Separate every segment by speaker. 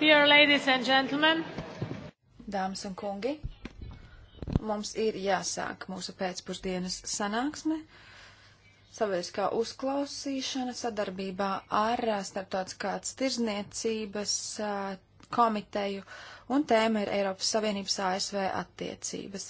Speaker 1: Dear ladies
Speaker 2: and gentlemen, dāmas un kungi, mums ir jāsāk mūsu pēcpusdienas sanāksme sabiedriskā uzklausīšana sadarbībā ar starptautiskās tirzniecības komiteju, un tēma ir Eiropas Savienības ASV attiecības.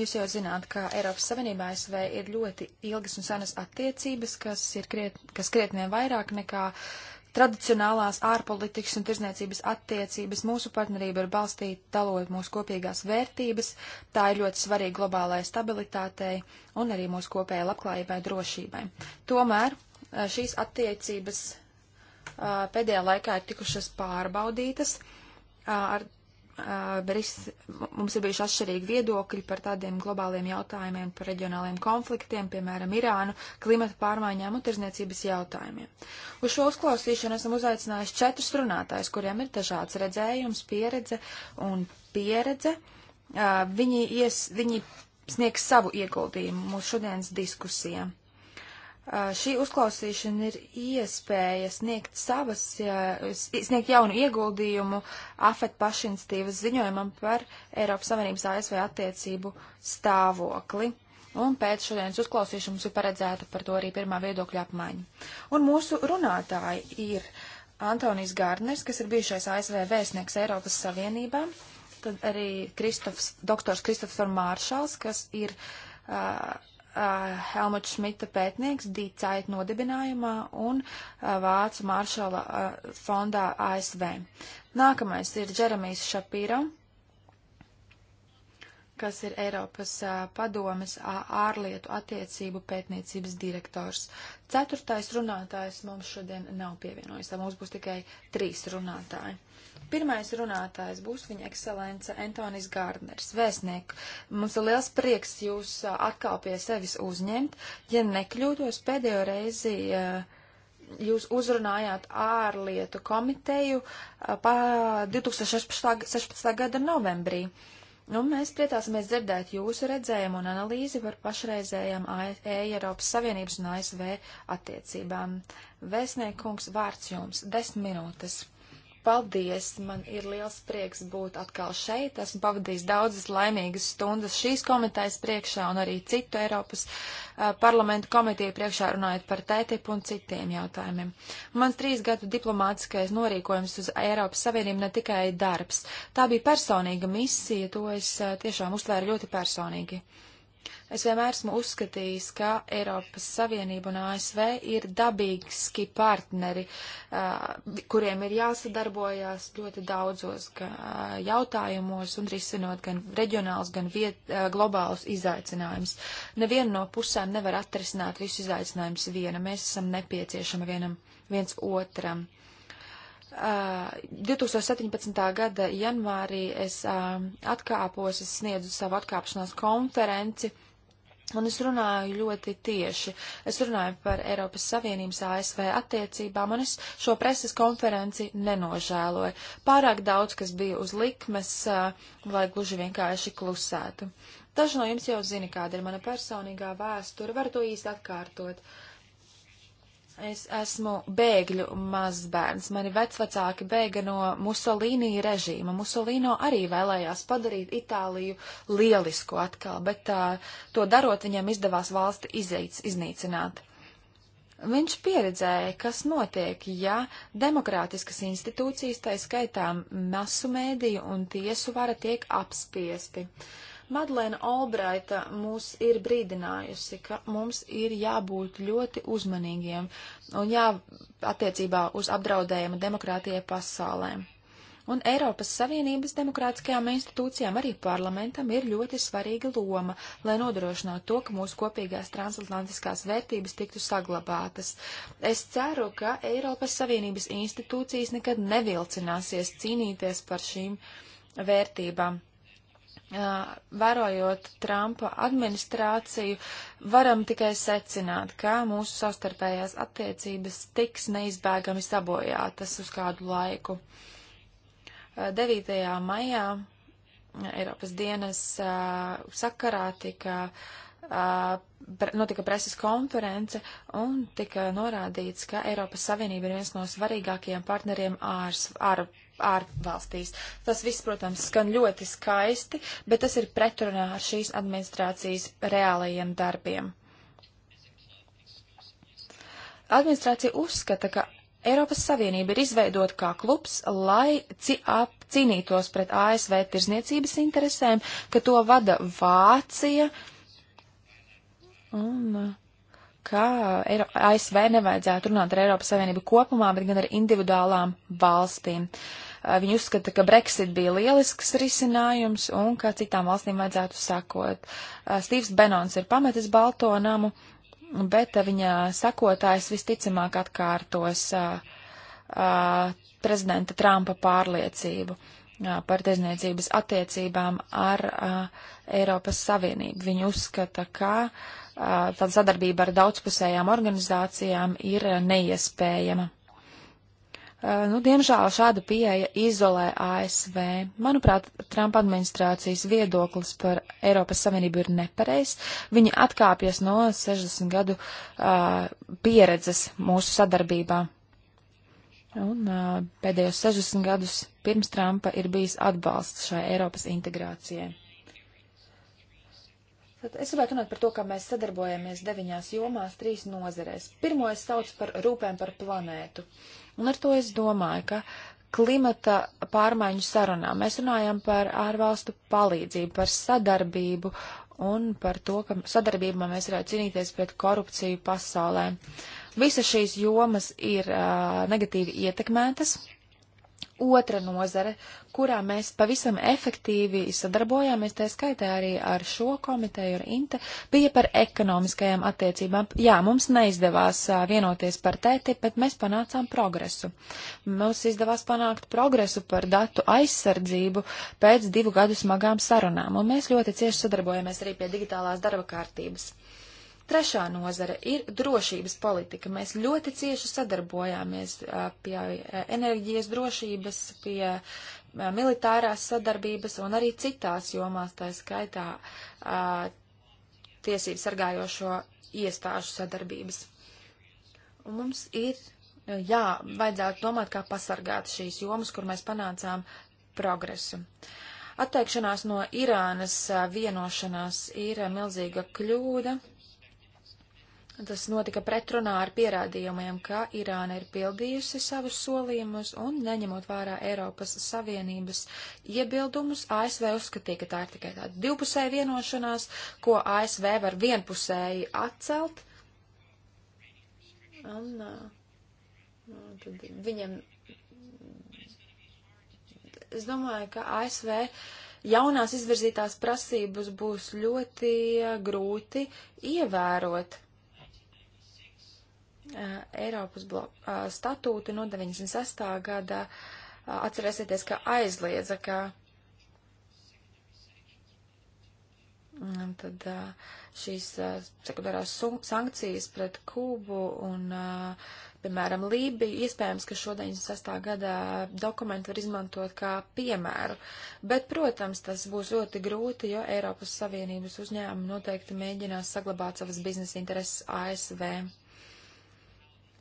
Speaker 2: Jūs jau zināt, ka Eiropas Savienība ASV ir ļoti ilgas un senas attiecības, kas ir kriet, kas krietnē vairāk nekā uh, Tradicionālās ārpolitikas un tirzniecības attiecības mūsu partnerība ir balstīta dalot mūsu kopīgās vērtības, tā ir ļoti svarīga globālajai stabilitātei un arī mūsu kopējai labklājībai drošībai. Tomēr šīs attiecības pēdējā laikā ir tikušas pārbaudītas ar Eh, Bris, mums ir bijuši atšķirīgi viedokļi par tādiem globāliem jautājumiem, par reģionāliem konfliktiem, piemēram, Irānu, klimata pārmaiņām un tirzniecības jautājumiem. Uz šo uzklausīšanu esam uzaicinājuši četrus runātājus, kuriem ir dažāds redzējums, pieredze un pieredze. Eh, viņi, ies, viņi sniegs savu ieguldījumu mūsu šodienas diskusijām. Šī uzklausīšana ir iespēja sniegt savas, sniegt jaunu ieguldījumu AFET pašinstīvas ziņojumam par Eiropas Savienības ASV attiecību stāvokli. Un pēc šodienas uzklausīšanas ir paredzēta par to arī pirmā viedokļa apmaiņa. Un mūsu runātāji ir Antonijs Gārners, kas ir bijušais ASV vēstnieks Eiropas Savienībā, tad arī Kristofs, doktors Kristofs Maršals, kas ir uh, uh, Helmuta Šmita pētnieks Dīcait nodibinājumā un uh, Vācu maršala uh, fondā ASV. Nākamais ir Džeremijs Šapiro, kas ir Eiropas uh, padomes ārlietu attiecību pētniecības direktors. Ceturtais runātājs mums šodien nav pievienojis, tā mums būs tikai trīs runātāji. Pirmais runātājs būs viņa ekscelence Antonis Gārdners, vēstnieku. Mums ir liels prieks jūs atkal pie sevis uzņemt. Ja nekļūtos, pēdējo reizi jūs uzrunājāt ārlietu komiteju 2016. gada novembrī. Nu, mēs priecāsimies dzirdēt jūsu redzējumu un analīzi par pašreizējām e Eiropas Savienības un ASV attiecībām. Vēstniekungs, vārds jums - desmit minūtes. Paldies! Man ir liels prieks būt atkal šeit. Esmu pavadījis daudzas laimīgas stundas šīs komitejas priekšā un arī citu Eiropas uh, parlamentu komiteju priekšā runājot par TTIP un citiem jautājumiem. Mans trīs gadu diplomātiskais norīkojums uz Eiropas Savienību ne tikai darbs. Tā bija personīga misija, to es uh, tiešām uztvēru ļoti personīgi. Uh, Es vienmēr esmu uzskatījis, ka Eiropas Savienība un ASV ir dabīgi partneri, uh, kuriem ir jāsadarbojās ļoti daudzos ka, uh, jautājumos un risinot gan reģionāls, gan viet, uh, globālus izaicinājumus. Neviena no pusēm nevar atrisināt visu izaicinājumus viena. Mēs esam nepieciešami vienam, viens otram. Uh, 2017. gada janvārī es atkāpos, es sniedzu savu atkāpšanās konferenci. Un es runāju ļoti tieši. Es runāju par Eiropas Savienības ASV attiecībām, un es šo preses konferenci nenožēloju. Pārāk daudz, kas bija uz likmes, lai gluži vienkārši klusētu. Daži no jums jau zina, kāda ir mana personīgā vēsture, var to īsti atkārtot. Uh, Es esmu bēgļu mazbērns. Mani vecvecāki bēga no Musolīnī režīma. Musolīno arī vēlējās padarīt Itāliju lielisku atkal, bet uh, to darot viņam izdevās valsti izeic, iznīcināt. Viņš pieredzēja, kas notiek, ja demokrātiskas institūcijas, tā skaitā masu mēdīju un tiesu vara, tiek apspiesti. Uh, Madlēna Olbraita mūs ir brīdinājusi, ka mums ir jābūt ļoti uzmanīgiem un jā attiecībā uz apdraudējumu demokrātijai pasaulē. Un Eiropas Savienības demokrātiskajām institūcijām, arī parlamentam, ir ļoti svarīga loma, lai nodrošinātu to, ka mūsu kopīgās transatlantiskās vērtības tiktu saglabātas. Es ceru, ka Eiropas Savienības institūcijas nekad nevilcināsies cīnīties par šīm vērtībām vērojot Trumpa administrāciju, varam tikai secināt, ka mūsu savstarpējās attiecības tiks neizbēgami sabojātas uz kādu laiku. 9. maijā Eiropas dienas sakarā tika notika preses konference un tika norādīts, ka Eiropas Savienība ir viens no svarīgākajiem partneriem ārs, ārpus ārvalstīs. Tas viss, protams, skan ļoti skaisti, bet tas ir pretrunā ar šīs administrācijas reālajiem darbiem. Administrācija uzskata, ka Eiropas Savienība ir izveidota kā klubs, lai ci cīnītos pret ASV tirzniecības interesēm, ka to vada Vācija un ka Eiro ASV nevajadzētu runāt ar Eiropas Savienību kopumā, bet gan ar individuālām valstīm. Uh, Viņi uzskata, ka Brexit bija lielisks risinājums un ka citām valstīm vajadzētu sakot. Stīvs Benons ir pametis Balto namu, bet viņa sakotājs visticamāk atkārtos prezidenta Trumpa pārliecību par tirzniecības attiecībām ar a, Eiropas Savienību. Viņi uzskata, ka a, tāda sadarbība ar daudzpusējām organizācijām ir neiespējama. Uh, nu, diemžēl šāda pieeja izolē ASV. Manuprāt, Trumpa administrācijas viedoklis par Eiropas Savienību ir nepareizs. Viņi atkāpjas no 60 gadu uh, pieredzes mūsu sadarbībā. Un uh, pēdējos 60 gadus pirms Trumpa ir bijis atbalsts šai Eiropas integrācijai. Tad es gribētu runāt par to, kā mēs sadarbojamies deviņās jomās, trīs nozerēs. Pirmo es saucu par rūpēm par planētu. Uh, Un ar to es domāju, ka klimata pārmaiņu sarunām mēs runājam par ārvalstu palīdzību, par sadarbību un par to, ka sadarbībā mēs varētu cīnīties pret korupciju pasaulē. Visas šīs jomas ir uh, negatīvi ietekmētas, otra nozare, kurā mēs pavisam efektīvi sadarbojāmies, tā skaitā arī ar šo komiteju, ar INTE, bija par ekonomiskajām attiecībām. Jā, mums neizdevās vienoties par tēti, bet mēs panācām progresu. Mums izdevās panākt progresu par datu aizsardzību pēc divu gadu smagām sarunām, un mēs ļoti cieši sadarbojamies arī pie digitālās darba kārtības. Trešā nozara ir drošības politika. Mēs ļoti cieši sadarbojāmies pie enerģijas drošības, pie militārās sadarbības un arī citās jomās, tā skaitā tiesību sargājošo iestāžu sadarbības. Un mums ir, jā, vajadzētu domāt, kā pasargāt šīs jomas, kur mēs panācām progresu. Atteikšanās no Irānas vienošanās ir milzīga kļūda Tas notika pretrunā ar pierādījumiem, ka Irāna ir pildījusi savus solījumus un, neņemot vērā Eiropas Savienības iebildumus, ASV uzskatīja, ka tā ir tikai tāda divpusēja vienošanās, ko ASV var vienpusēji atcelt. Un, nu, tad viņam, es domāju, ka ASV jaunās izvirzītās prasības būs ļoti grūti ievērot Eh, Eiropas blo, eh, statūti no 96. gada eh, atcerēsieties, ka aizliedza, ka mm, tad šīs sekundārās sankcijas pret Kūbu un, piemēram, Lībiju, iespējams, ka šo 96. gada dokumentu var izmantot kā piemēru. Bet, protams, tas būs ļoti grūti, jo Eiropas Savienības uzņēmumi noteikti mēģinās saglabāt savas biznesa intereses ASV.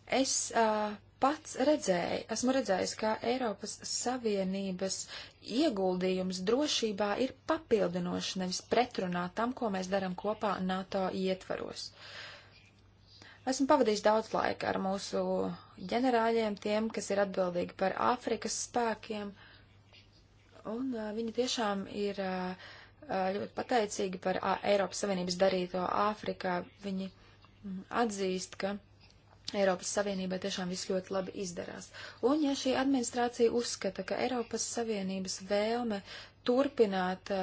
Speaker 2: Es uh, pats redzēju, esmu redzējis, ka Eiropas Savienības ieguldījums drošībā ir papildinoši, nevis pretrunā tam, ko mēs darām kopā NATO ietvaros. Esmu pavadījis daudz laika ar mūsu ģenerāļiem, tiem, kas ir atbildīgi par Āfrikas spēkiem, un uh, viņi tiešām ir uh, ļoti pateicīgi par Eiropas Savienības darīto Āfrikā. Viņi mm, atzīst, ka Eiropas Savienībai tiešām viss ļoti labi izdarās. Un ja šī administrācija uzskata, ka Eiropas Savienības vēlme turpināt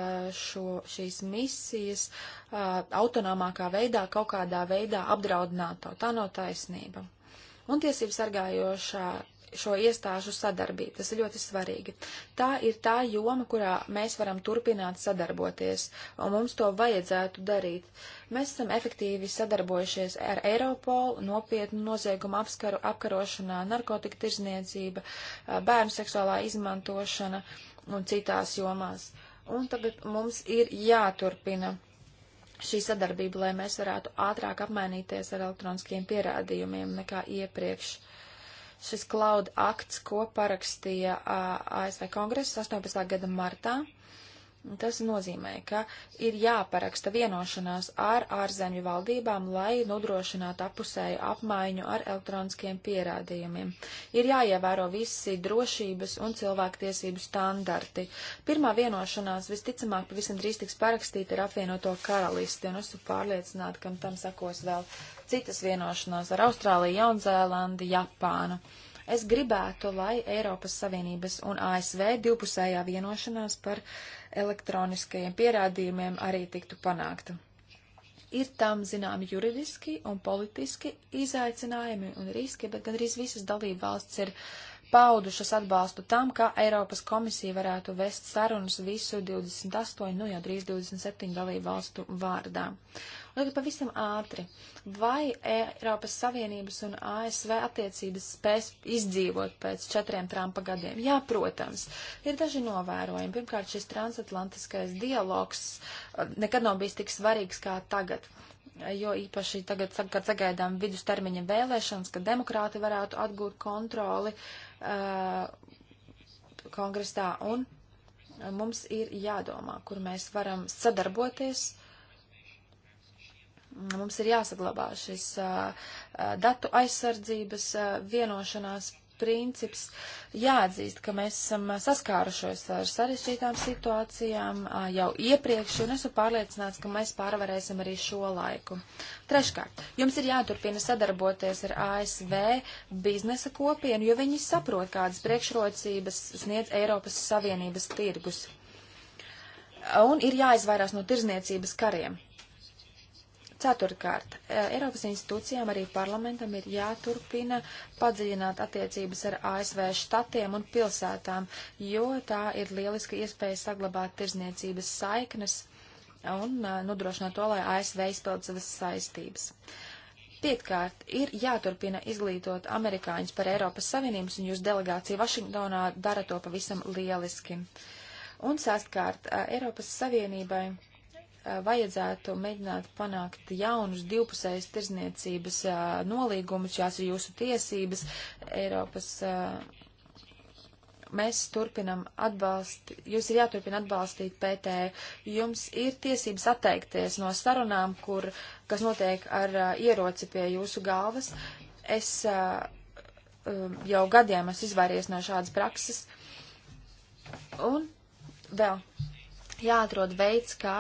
Speaker 2: šo, šīs misijas autonomākā veidā, kaut kādā veidā apdraud NATO, tā nav taisnība. Un tiesību sargājošā šo iestāžu sadarbību. Tas ir ļoti svarīgi. Tā ir tā joma, kurā mēs varam turpināt sadarboties, un mums to vajadzētu darīt. Mēs esam efektīvi sadarbojušies ar Eiropolu, nopietnu noziegumu apskaru, apkarošanā, narkotika tirzniecība, bērnu seksuālā izmantošana un citās jomās. Un tagad mums ir jāturpina šī sadarbība, lai mēs varētu ātrāk apmainīties ar elektroniskiem pierādījumiem nekā iepriekš. Uh, šis cloud akts, ko parakstīja ASV kongress 18. gada martā. Tas nozīmē, ka ir jāparaksta vienošanās ar ārzemju valdībām, lai nodrošinātu apusēju apmaiņu ar elektroniskiem pierādījumiem. Ir jāievēro visi drošības un cilvēktiesību standarti. Pirmā vienošanās visticamāk pavisam drīz tiks parakstīta ar apvienoto karalisti, un esmu pārliecināta, ka tam sakos vēl citas vienošanās ar Austrāliju, Jaunzēlandi, Japānu. Es gribētu, lai Eiropas Savienības un ASV divpusējā vienošanās par uh, elektroniskajiem pierādījumiem arī tiktu panākta. Ir tam zināmi juridiski un politiski izaicinājumi un riski, bet gandrīz visas dalība valsts ir uh, paudušas atbalstu tam, ka Eiropas komisija varētu vest sarunas visu 28, nu jau drīz 27 dalību valstu vārdā. Un tagad pavisam ātri. Vai Eiropas Savienības un ASV attiecības spēs izdzīvot pēc četriem Trumpa gadiem? Jā, protams. Ir daži novērojumi. Pirmkārt, šis transatlantiskais dialogs uh, nekad nav bijis tik svarīgs kā tagad jo īpaši tagad, kad sagaidām vidustermiņa vēlēšanas, kad demokrāti varētu atgūt kontroli, uh, uh, kongresā, un mums ir jādomā, kur mēs varam sadarboties. Mums ir jāsaglabā šis uh, uh datu aizsardzības uh, vienošanās princips jāatzīst, ka mēs esam saskārušos ar sarežģītām situācijām jau iepriekš, un esmu pārliecināts, ka mēs pārvarēsim arī šo laiku. Treškārt, jums ir jāturpina sadarboties ar ASV biznesa kopienu, jo viņi saprot, kādas priekšrocības sniedz Eiropas Savienības tirgus. Un ir jāizvairās no tirzniecības kariem. Ceturtkārt, e, Eiropas institūcijām arī parlamentam ir jāturpina padziļināt attiecības ar ASV štatiem un pilsētām, jo tā ir lieliska iespēja saglabāt tirzniecības saiknes un e, nodrošināt to, lai ASV izpild savas saistības. Piektkārt, ir jāturpina izglītot amerikāņus par Eiropas Savienības un jūsu delegācija Vašingtonā dara to pavisam lieliski. Un sestkārt, e, Eiropas Savienībai Eh, vajadzētu mēģināt panākt jaunus divpusējas tirzniecības eh, nolīgumus, jās ir jūsu tiesības Eiropas. Eh, mēs turpinam atbalstīt, jūs ir jāturpina atbalstīt PTE. Jums ir tiesības atteikties no sarunām, kur, kas notiek ar ieroci pie jūsu galvas. Es um, jau gadiem esmu izvairies no šādas prakses. Un vēl jāatrod veids, kā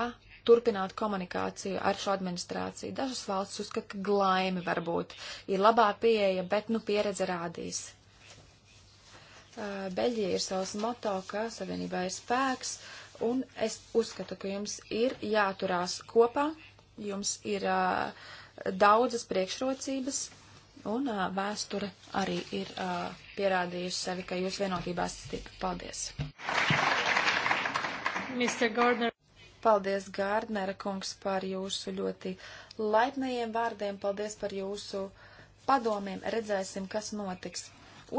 Speaker 2: turpināt komunikāciju ar šo administrāciju. Dažas valsts uzskata, ka glaimi varbūt ir labā pieeja, bet nu pieredze rādīs. Beļģija ir savs moto, ka savienībā ir spēks, un es uzskatu, ka jums ir jāturās kopā, jums ir uh, daudzas priekšrocības, un uh, vēsture arī ir uh, pierādījusi sevi, ka jūs vienotībā esat tik. Paldies! Mr. Gardner. Paldies, Gārdnera kungs, par jūsu ļoti laipnajiem vārdiem. Paldies par jūsu padomiem. Redzēsim, kas notiks.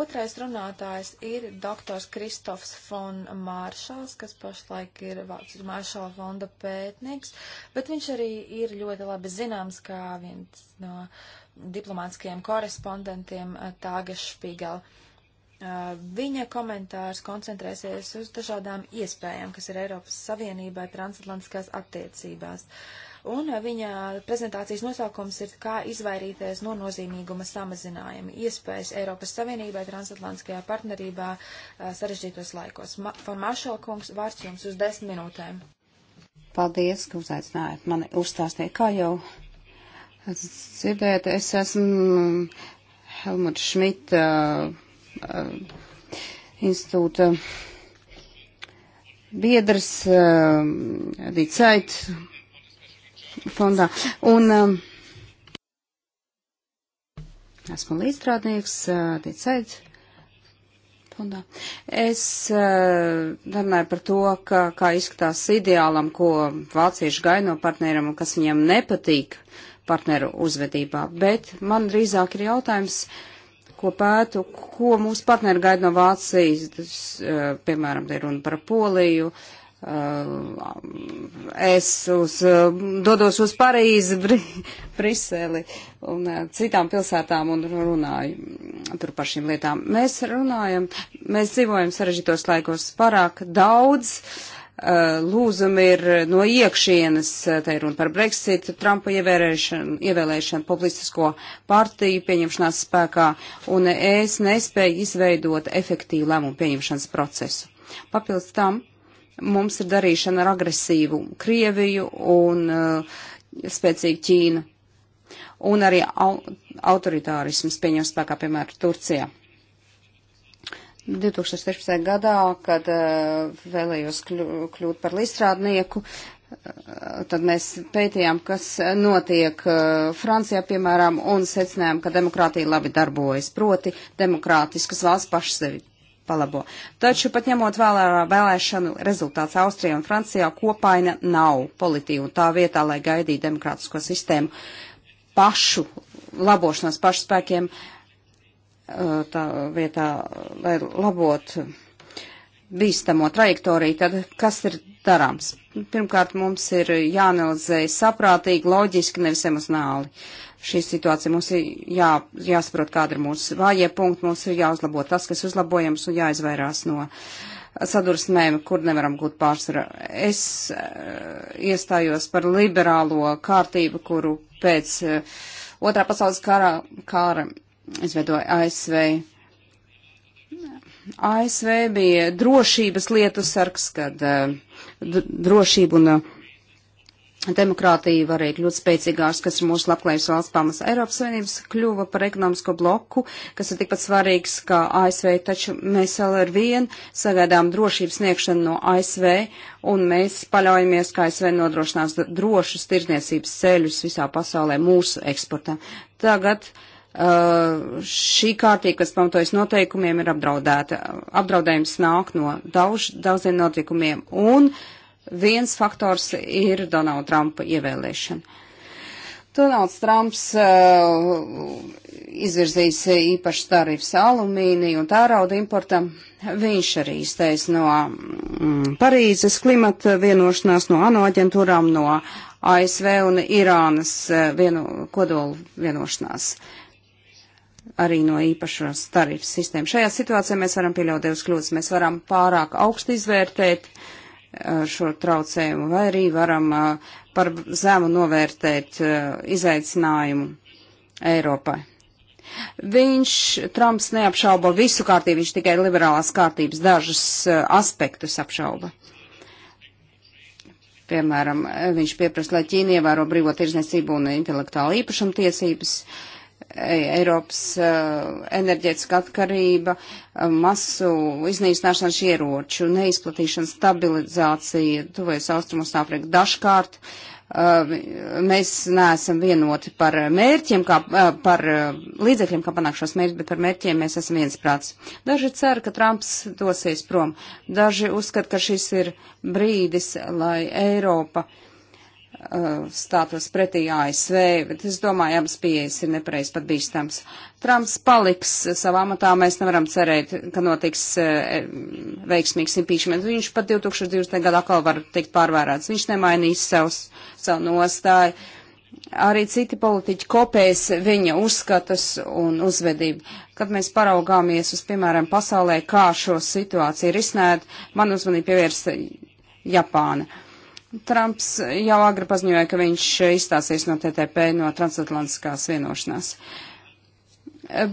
Speaker 2: Otrais runātājs ir doktors Kristofs von Māršals, kas pašlaik ir Vācijas Māršala fonda pētnieks, bet viņš arī ir ļoti labi zināms kā viens no diplomātskajiem korespondentiem eh, Tāga Špigela. Viņa komentārs koncentrēsies uz dažādām iespējām, kas ir Eiropas Savienībai transatlantiskās attiecībās. Un viņa prezentācijas nosaukums ir Kā izvairīties no nozīmīguma samazinājuma - iespējas Eiropas Savienībai transatlantiskajā partnerībā sarežģītos laikos. Ma Fon Maršala kungs, vārds jums uz desmit minūtēm.
Speaker 3: Paldies, ka uzaicinājāt mani uzstāstīt. Kā jau dzirdēt, es esmu Helmuta Šmita Uh, institūta biedrs uh, Dicait fondā. Un um, esmu līdzstrādnieks uh, Dicait fondā. Es runāju par to, ka, kā izskatās ideālam, ko vācieši gaino partneram un kas viņam nepatīk partneru uzvedībā, bet man drīzāk ir jautājums, uh, ko pētu, ko mūsu partneri gaida no Vācijas, tas, eh, piemēram, te ir runa par Poliju. Eh, es uz, eh, dodos uz Parīzi, Bri, Briseli un citām pilsētām un runāju tur par šīm lietām. Mēs runājam, mēs dzīvojam sarežģītos laikos pārāk daudz. Uh, Eh, lūzumi ir no iekšienes, eh, te ir runa par Brexit, Trumpa ievērēšanu, ievēlēšanu, populistisko partiju pieņemšanās spēkā, un es nespēju izveidot efektīvu lēmumu pieņemšanas procesu. Papildus tam mums ir darīšana ar agresīvu Krieviju un uh, spēcīgu Ķīnu, un arī au, autoritārisms pieņem spēkā, piemēram, Turcijā. 2016. gadā, kad eh, vēlējos kļūt par līdzstrādnieku, eh, tad mēs pētījām, kas notiek eh, Francijā, piemēram, un secinājām, ka demokrātija labi darbojas, proti demokrātiskas valsts pašas sevi palabo. Taču pat ņemot vēlērā vēlēšanu rezultāts Austrijā un Francijā kopaina nav politīva un tā vietā, lai gaidītu demokrātisko sistēmu pašu labošanos pašu spēkiem, uh, Eh, tā vietā, lai labotu bīstamo trajektoriju, tad kas ir darāms? Pirmkārt, mums ir jāanalizē saprātīgi, loģiski, nevis emocionāli šī situācija. Mums ir jā, jāsaprot, kāda ir mūsu vājie punkti, mums ir jāuzlabo tas, kas uzlabojams un jāizvairās no sadursmēm, kur nevaram gūt pārsvaru. Es uh, iestājos par liberālo kārtību, kuru pēc uh, otrā pasaules kara, kara izveidoja ASV. ASV bija drošības lietu sargs, kad eh, drošība un eh, demokrātija varēja kļūt spēcīgāks, kas ir mūsu labklājības valsts pamats. Eiropas Savienības kļuva par ekonomisko bloku, kas ir tikpat svarīgs kā ASV, taču mēs vēl ar vienu sagaidām drošības sniegšanu no ASV, un mēs paļaujamies, ka ASV nodrošinās drošus tirdzniecības ceļus visā pasaulē mūsu eksportam. Tagad uh, Uh, šī kārtība, kas pamatojas noteikumiem, ir apdraudēta. Apdraudējums nāk no daudz, daudziem notikumiem, un viens faktors ir Donalda Trumpa ievēlēšana. Donalds Trumps uh, izvirzīs īpašas tarifas alumīniju un tērauda importam. Viņš arī izteicis no mm, Parīzes klimata vienošanās, no ANO aģentūrām, no ASV un Irānas uh, vieno, kodolu vienošanās. Uh, arī no īpašās tarifas sistēmas. Šajā situācijā mēs varam pieļaut divas kļūdas. Mēs varam pārāk augstu izvērtēt uh, šo traucējumu vai arī varam uh, par zemu novērtēt uh, izaicinājumu Eiropai. Viņš, Trumps, neapšauba visu kārtību, viņš tikai liberālās kārtības dažus aspektus apšauba. Piemēram, viņš pieprasa, lai Ķīna ievēro brīvo tirzniecību un intelektuālu īpašumu tiesības. Uh, Eiropas eh, enerģētiska atkarība, eh, masu iznīcināšanas ieroču, neizplatīšana, stabilizācija, tuvojas austrumos un Āfrika dažkārt. Eh, mēs neesam vienoti par mērķiem, kā, par līdzekļiem, kā panākt šos mērķus, bet par mērķiem mēs esam viensprāts. Daži cer, ka Trumps dosies prom. Daži uzskata, ka šis ir brīdis, lai Eiropa uh, Uh, stātos pretī ASV, bet es domāju, abas pieejas ir nepareiz pat bīstams. Trumps paliks savā matā, mēs nevaram cerēt, ka notiks uh, veiksmīgs impeachment. Viņš pat 2020. gadā atkal var tikt pārvērāts. Viņš nemainīs savus, savu nostāju. Arī citi politiķi kopēs viņa uzskatus un uzvedību. Kad mēs paraugāmies uz, piemēram, pasaulē, kā šo situāciju risināt, man uzmanību pievērsta Japāna Trumps jau agri paziņoja, ka viņš izstāsies no TTP, no transatlantiskās vienošanās.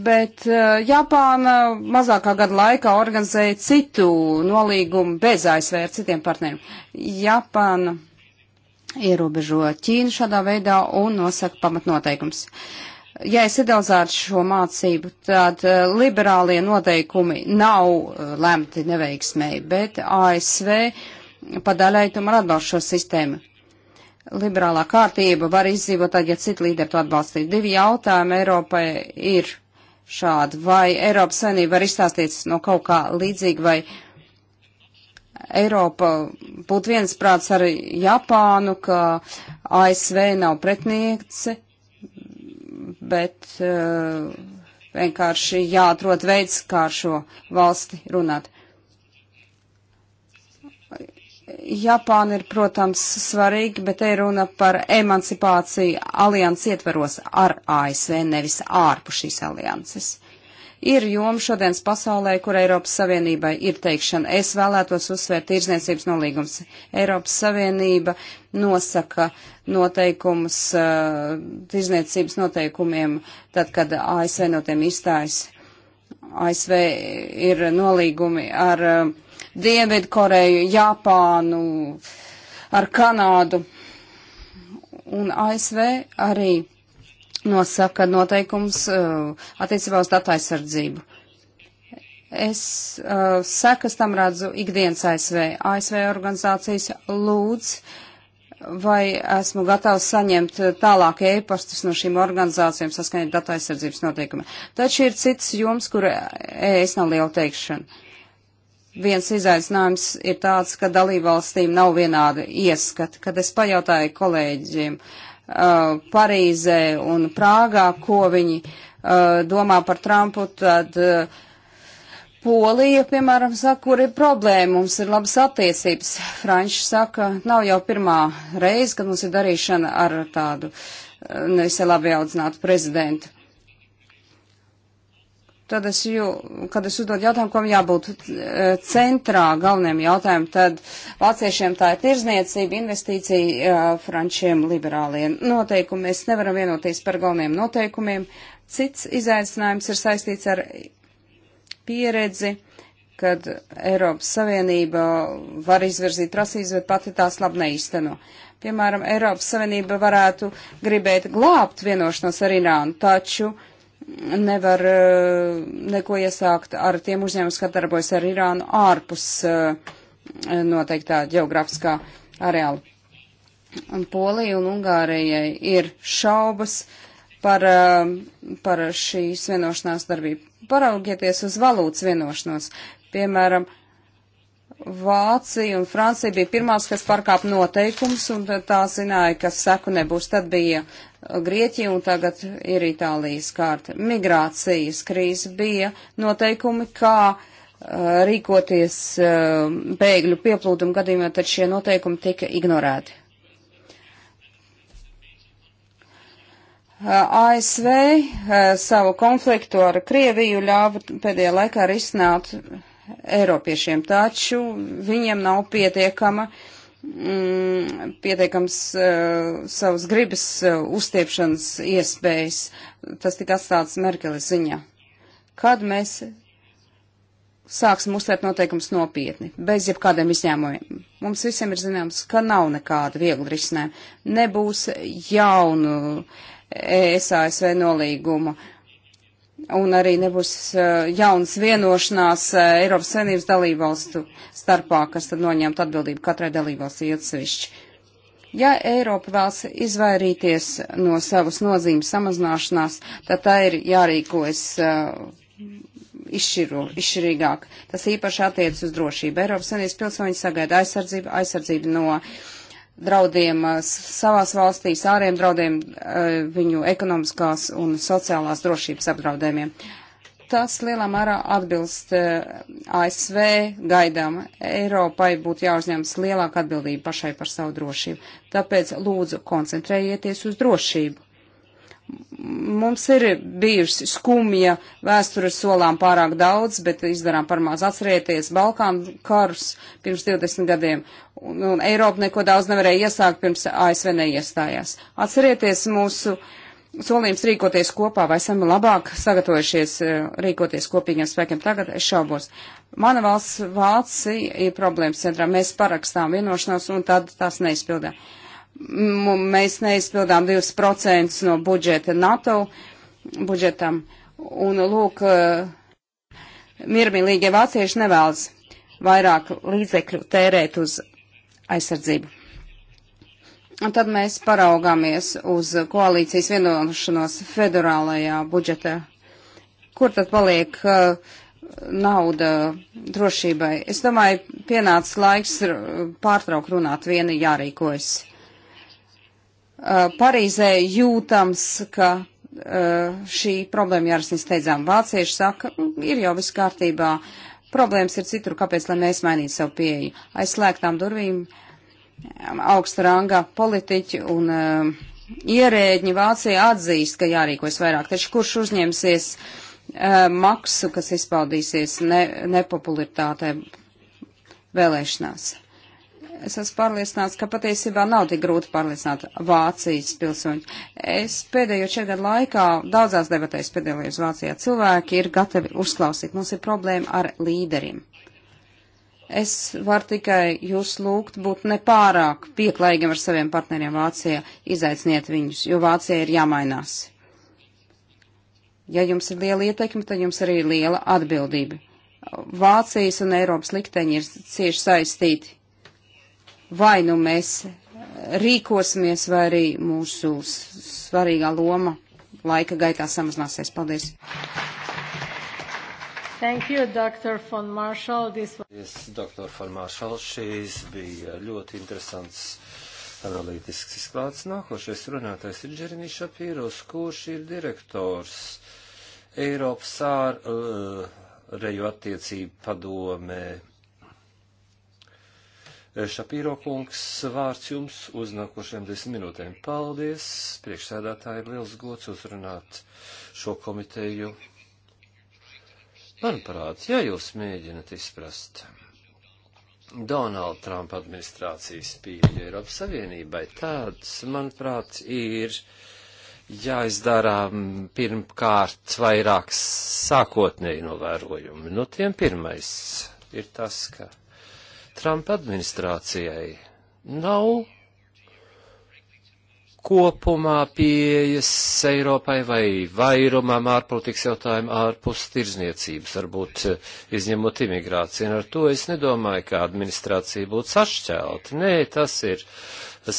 Speaker 3: Bet eh, Japāna mazākā gada laikā organizēja citu nolīgumu bez ASV ar citiem partneriem. Japāna ierobežo Ķīnu šādā veidā un nosaka pamatnoteikums. Ja es iedaudzētu šo mācību, tad eh, liberālie noteikumi nav eh, lemti neveiksmēji, bet ASV uh, padaļai tomēr atbalsta šo sistēmu. Liberālā kārtība var izdzīvot, tad, ja citi līderi to atbalstītu. Divi jautājumi Eiropai ir šādi. Vai Eiropas Savienība var izstāstīt no kaut kā līdzīga, vai Eiropa būtu viensprāts ar Japānu, ka ASV nav pretniece, bet uh, vienkārši jāatrod veids, kā šo valsti runāt. Japāna ir, protams, svarīga, bet te ir runa par emancipāciju alianses ietveros ar ASV, nevis ārpus šīs alianses. Ir joma šodienas pasaulē, kur Eiropas Savienībai ir teikšana. Es vēlētos uzsvērt tirzniecības nolīgums. Eiropas Savienība nosaka noteikumus uh, tirzniecības noteikumiem, tad, kad ASV no tiem izstājas. ASV ir nolīgumi ar uh, Dienvidkoreju, Japānu, ar Kanādu. Un ASV arī nosaka noteikums uh, attiecībā uz datu aizsardzību. Es uh, sekas tam redzu ikdienas ASV. ASV organizācijas lūdz, vai esmu gatavs saņemt tālāk ēpastus no šīm organizācijām saskaņot datu aizsardzības noteikumiem. Taču ir cits jums, kur e, es nav liela teikšana viens izaicinājums ir tāds, ka dalībvalstīm nav vienāda ieskata. Kad es pajautāju kolēģiem uh, Parīzē un Prāgā, ko viņi uh, domā par Trumpu, tad uh, Polija, piemēram, saka, kur ir problēma, mums ir labas attiecības. Franči saka, nav jau pirmā reize, kad mums ir darīšana ar tādu uh, nevisai labi audzinātu prezidentu tad es jū, kad es uzdod jautājumu, kam jābūt e, centrā galveniem jautājumiem, tad vāciešiem tā ir tirzniecība, investīcija, e, frančiem liberālie noteikumi. Mēs nevaram vienoties par galveniem noteikumiem. Cits izaicinājums ir saistīts ar pieredzi, kad Eiropas Savienība var izvirzīt prasības, bet pati tās labi neīsteno. Piemēram, Eiropas Savienība varētu gribēt glābt vienošanos ar Irānu, taču uh, nevar e, neko iesākt ar tiem uzņēmumiem, kas darbojas ar Irānu ārpus e, noteiktā geogrāfiskā areāla. Un Polija un Ungārijai ir šaubas par, e, par šīs vienošanās darbību. Paraugieties uz valūtas vienošanos. Piemēram, Vācija un Francija bija pirmās, kas pārkāpa noteikums, un tā zināja, ka seku nebūs. Tad bija Grieķija un tagad ir Itālijas kārta. Migrācijas krīze bija noteikumi, kā uh, rīkoties uh, bēgļu pieplūdumu gadījumā, tad šie noteikumi tika ignorēti. Uh, ASV savu konfliktu ar Krieviju ļāva pēdējā laikā risināt Eiropiešiem, taču viņiem nav pietiekama uh, mm, pietiekams uh, savas gribas uh, uztiepšanas iespējas. Tas tika atstāts Merkeles ziņā. Kad mēs sāksim uztvērt noteikums nopietni, bez jebkādiem izņēmumiem. Mums visiem ir zināms, ka nav nekāda viegla risinājuma. Nebūs jaunu eh, ESASV nolīgumu. Uh, un arī nebūs jauns vienošanās Eiropas Savienības dalībvalstu starpā, kas tad noņemtu atbildību katrai dalībvalstī atsevišķi. Ja Eiropa vēlas izvairīties no savas nozīmes samazināšanās, tad tā ir jārīkojas izšķiru, izšķirīgāk. Tas īpaši attiecas uz drošību. Eiropas Savienības pilsoņi sagaida aizsardzību, aizsardzību no uh, draudiem uh, savās valstīs, āriem draudiem uh, viņu ekonomiskās un sociālās drošības apdraudējumiem. Tas lielā mērā atbilst uh, ASV gaidām. Eiropai būtu jāuzņemas lielāka atbildība pašai par savu drošību. Tāpēc lūdzu koncentrējieties uz drošību. Mums ir bijusi skumja vēstures solām pārāk daudz, bet izdarām par maz atcerieties Balkānu karus pirms 20 gadiem, un, un Eiropa neko daudz nevarēja iesākt pirms ASV neiestājās. Atcerieties mūsu solījums rīkoties kopā, vai esam labāk sagatavojušies eh, rīkoties kopīgiem spēkiem. Tagad es šaubos. Mana valsts Vācija ir problēmas centrā. Mēs parakstām vienošanos un tad tās neizpildām. Mēs neizpildām 2% no budžeta NATO budžetam. Un, lūk, eh, miermīlīgie vācieši nevēlas vairāk līdzekļu tērēt uz aizsardzību. Un tad mēs paraugāmies uz koalīcijas vienošanos federālajā budžetā. Kur tad paliek uh, nauda drošībai? Es domāju, pienācis laiks pārtraukt runāt, viena jārīkojas. Eh, Parīzē jūtams, ka eh, šī problēma jārisina steidzām. Vācieši saka, nu, ir jau viss kārtībā, problēmas ir citur, kāpēc, lai mēs mainītu savu pieeju. Aizslēgtām durvīm eh, augsta ranga politiķi un uh, ierēģi Vācija atzīst, ka jārīkojas vairāk, taču kurš uzņemsies uh, maksu, kas izpaudīsies ne, nepopularitātē vēlēšanās? Es esmu pārliecināts, ka patiesībā nav tik grūti pārliecināt Vācijas pilsoņu. Es pēdējo četru gadu laikā daudzās debatēs piedalījos Vācijā. Cilvēki ir gatavi uzklausīt. Mums ir problēma ar līderiem. Es varu tikai jūs lūgt būt nepārāk pieklājīgiem ar saviem partneriem Vācijā. Izaicniet viņus, jo Vācija ir jāmainās. Ja jums ir liela ietekme, tad jums arī ir liela atbildība. Vācijas un Eiropas likteņi ir cieši saistīti vai nu mēs rīkosimies, vai arī mūsu svarīgā loma laika gaitā samazināsies. Paldies! Thank you, Dr. von Marshall. This was...
Speaker 1: Yes, Dr. von Marshall, šīs bija ļoti interesants analītisks izklāts. Nākošais runātais ir Džerinijs Šapīros, kurš ir direktors Eiropas ārreju uh, attiecību padomē Šapīro kungs, vārds jums uz nākošajām desmit minūtēm. Paldies, priekšsēdētāji, ir liels gods uzrunāt šo komiteju. Manuprāt, ja jūs mēģinat izprast Donalda Trumpa administrācijas pieeja Eiropas Savienībai, tāds, manuprāt, ir jāizdara pirmkārt vairāk sākotnēji novērojumi. Nu, tiem pirmais ir tas, ka Trumpa administrācijai nav kopumā pieejas Eiropai vai vairumam ārpolitikas jautājumu ārpus tirzniecības, varbūt eh, izņemot imigrāciju. Un ar to es nedomāju, ka administrācija būtu sašķelta. Nē, tas ir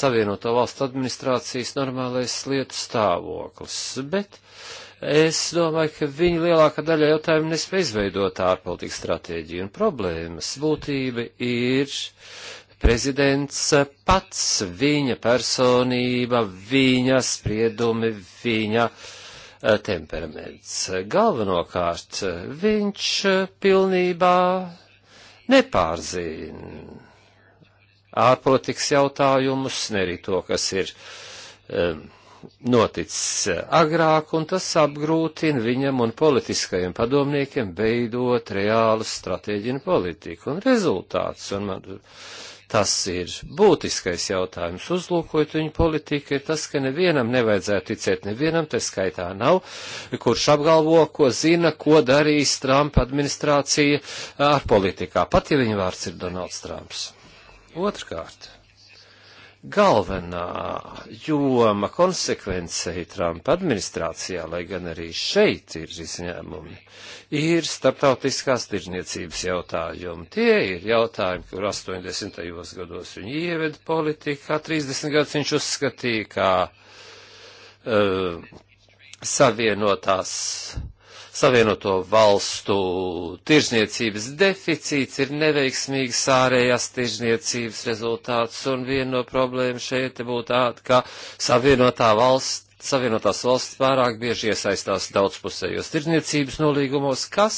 Speaker 1: Savienoto valstu administrācijas normālais lietu stāvoklis. Bet Es domāju, ka viņa lielākā daļa jautājumu nespēja izveidot ārpolitikas stratēģiju un problēmas. Būtība ir prezidents pats, viņa personība, viņa spriedumi, viņa eh, temperaments. Galvenokārt, viņš eh, pilnībā nepārzina ārpolitikas jautājumus, ne arī to, kas ir um, noticis eh, agrāk, un tas apgrūtina viņam un politiskajiem padomniekiem beidot reālu stratēģinu politiku un rezultāts. Un man, tas ir būtiskais jautājums. Uzlūkojot viņu politiku, ir tas, ka nevienam nevajadzētu ticēt, nevienam te skaitā nav, kurš apgalvo, ko zina, ko darīs Trumpa administrācija ar politikā, pat ja viņa vārds ir Donalds Trumps. Otrkārt galvenā joma konsekvencei Trumpa administrācijā, lai gan arī šeit ir izņēmumi, ir starptautiskās tirzniecības jautājumi. Tie ir jautājumi, kur 80. gados viņi ieveda politikā, 30 gadus viņš uzskatīja, kā uh, eh, savienotās uh, Savienoto valstu tirzniecības deficīts ir neveiksmīgs ārējās tirzniecības rezultāts, un viena no problēma šeit būtu tāda, ka Savienotā valsts Savienotās valsts pārāk bieži iesaistās daudzpusējos tirdzniecības nolīgumos, kas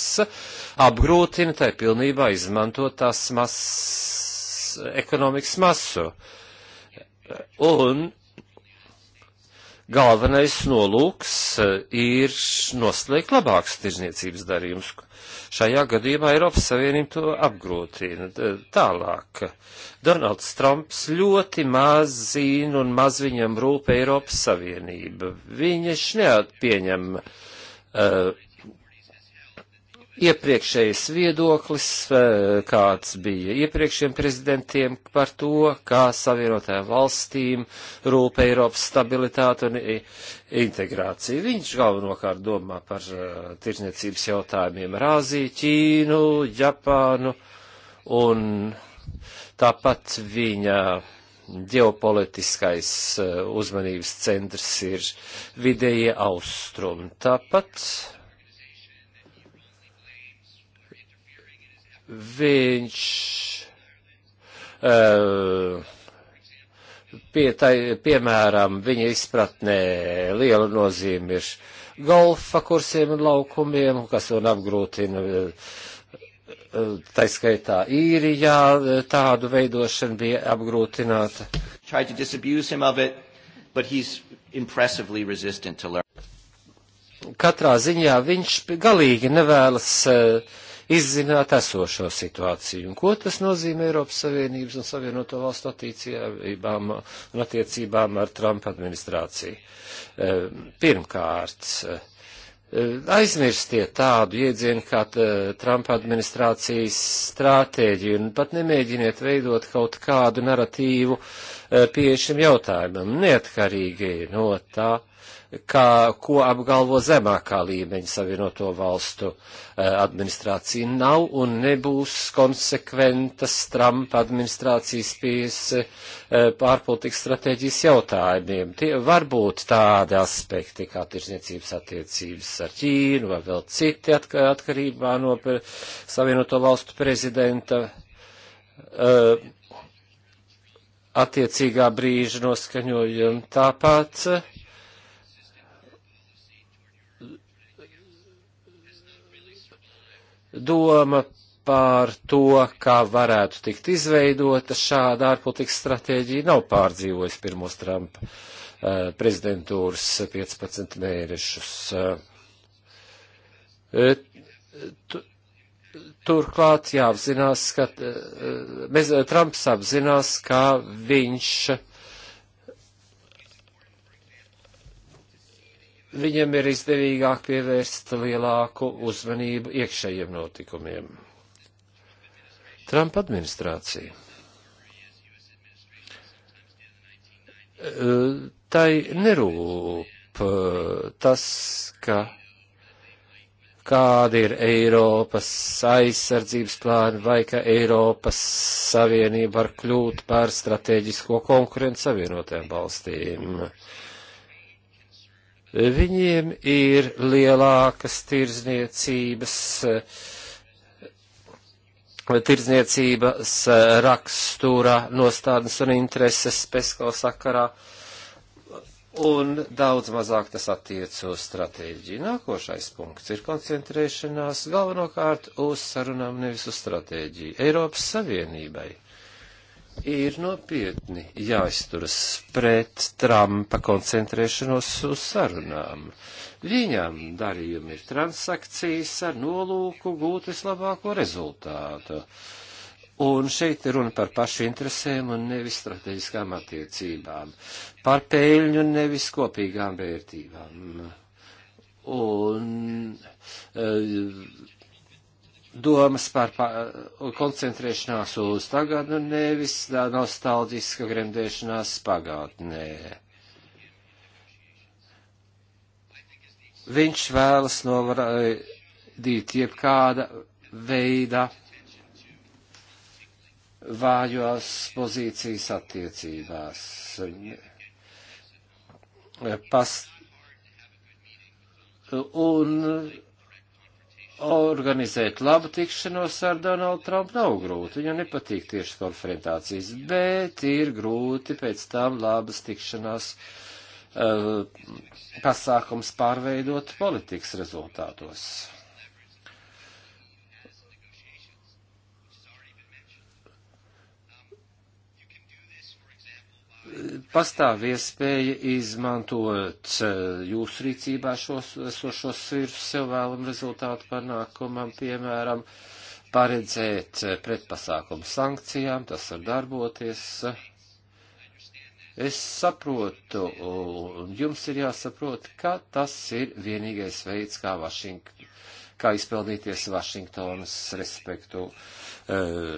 Speaker 1: apgrūtina tai pilnībā izmantot tās mas... ekonomikas masu. Un galvenais nolūks eh, ir noslēgt labāks tirzniecības darījums. Šajā gadījumā Eiropas Savienība to apgrūtina. Tālāk, Donalds Trumps ļoti maz zina un maz viņam rūp Eiropas Savienība. Viņš neatpieņem uh, eh, iepriekšējais viedoklis, eh, kāds bija iepriekšējiem prezidentiem par to, kā savienotājām valstīm rūp Eiropas stabilitāte un integrācija. Viņš galvenokārt domā par eh, tirzniecības jautājumiem ar Āziju, Ķīnu, Japānu un tāpat viņa ģeopolitiskais eh, uzmanības centrs ir vidējie austrumi. Tāpat viņš uh, eh, pie tai, piemēram, viņa izpratnē liela nozīme ir golfa kursiem un laukumiem, kas un apgrūtina uh, eh, tā skaitā īrijā eh, tādu veidošanu bija apgrūtināta.
Speaker 2: It,
Speaker 1: Katrā ziņā viņš galīgi nevēlas uh, izzināt esošo situāciju. Un ko tas nozīmē Eiropas Savienības un Savienoto valstu attiecībām un attiecībām ar Trumpa administrāciju? E, pirmkārt, e, aizmirstiet tādu iedzienu kā e, Trumpa administrācijas stratēģiju un pat nemēģiniet veidot kaut kādu naratīvu pie šim jautājumam, neatkarīgi no tā, kā, ko apgalvo zemākā līmeņa savienoto valstu eh, administrācija. Nav un nebūs konsekventas Trumpa administrācijas pieejas eh, pārpolitikas stratēģijas jautājumiem. Tie var būt tādi aspekti, kā tirsniecības attiecības ar Ķīnu vai vēl citi atkarībā no savienoto valstu prezidenta. Uh, attiecīgā brīža noskaņojumu. Tāpat uh, doma par to, kā varētu tikt izveidota šāda ārpolitikas stratēģija, nav pārdzīvojis pirmos Trumpa eh, prezidentūras 15 mēnešus. Eh, eh, turklāt jāapzinās, ka mēs, Trumps apzinās, ka viņš viņiem ir izdevīgāk pievērst lielāku uzmanību iekšējiem notikumiem. Trumpa administrācija. Tai nerūp eh, tas, ka kāda ir Eiropas aizsardzības plāna vai ka Eiropas Savienība var kļūt par strateģisko konkurentu savienotajām valstīm. Uh, Viņiem ir lielākas tirzniecības, tirzniecības eh, rakstura nostādnes un intereses Pesko sakarā, un daudz mazāk tas attiec uz stratēģiju. Nākošais punkts ir koncentrēšanās galvenokārt uz sarunām, nevis uz stratēģiju Eiropas Savienībai ir nopietni jāizturas pret Trumpa koncentrēšanos uz sarunām. Viņam darījumi ir transakcijas ar nolūku gūt vislabāko rezultātu. Un šeit ir runa par pašu interesēm un nevis strateģiskām attiecībām, par pēļņu un nevis kopīgām vērtībām. Un, uh, domas par koncentrēšanās uz tagadnu, nevis tā nostalģiska gremdēšanās pagātnē. Viņš vēlas novadīt jebkāda veida vājās pozīcijas attiecībās. Past, un organizēt labu tikšanos ar Donaldu Trumpu nav grūti, viņam nepatīk tieši konfrontācijas, bet ir grūti pēc tam labas tikšanās uh, pasākums pārveidot politikas rezultātos. pastāv iespēja izmantot eh, jūsu rīcībā šos esošos svirus sev vēlam rezultātu panākumam, piemēram, paredzēt eh, pretpasākumu sankcijām, tas var darboties. Es saprotu, un jums ir jāsaprot, ka tas ir vienīgais veids, kā, Vašink... kā izpelnīties Vašingtonas respektu. Uh,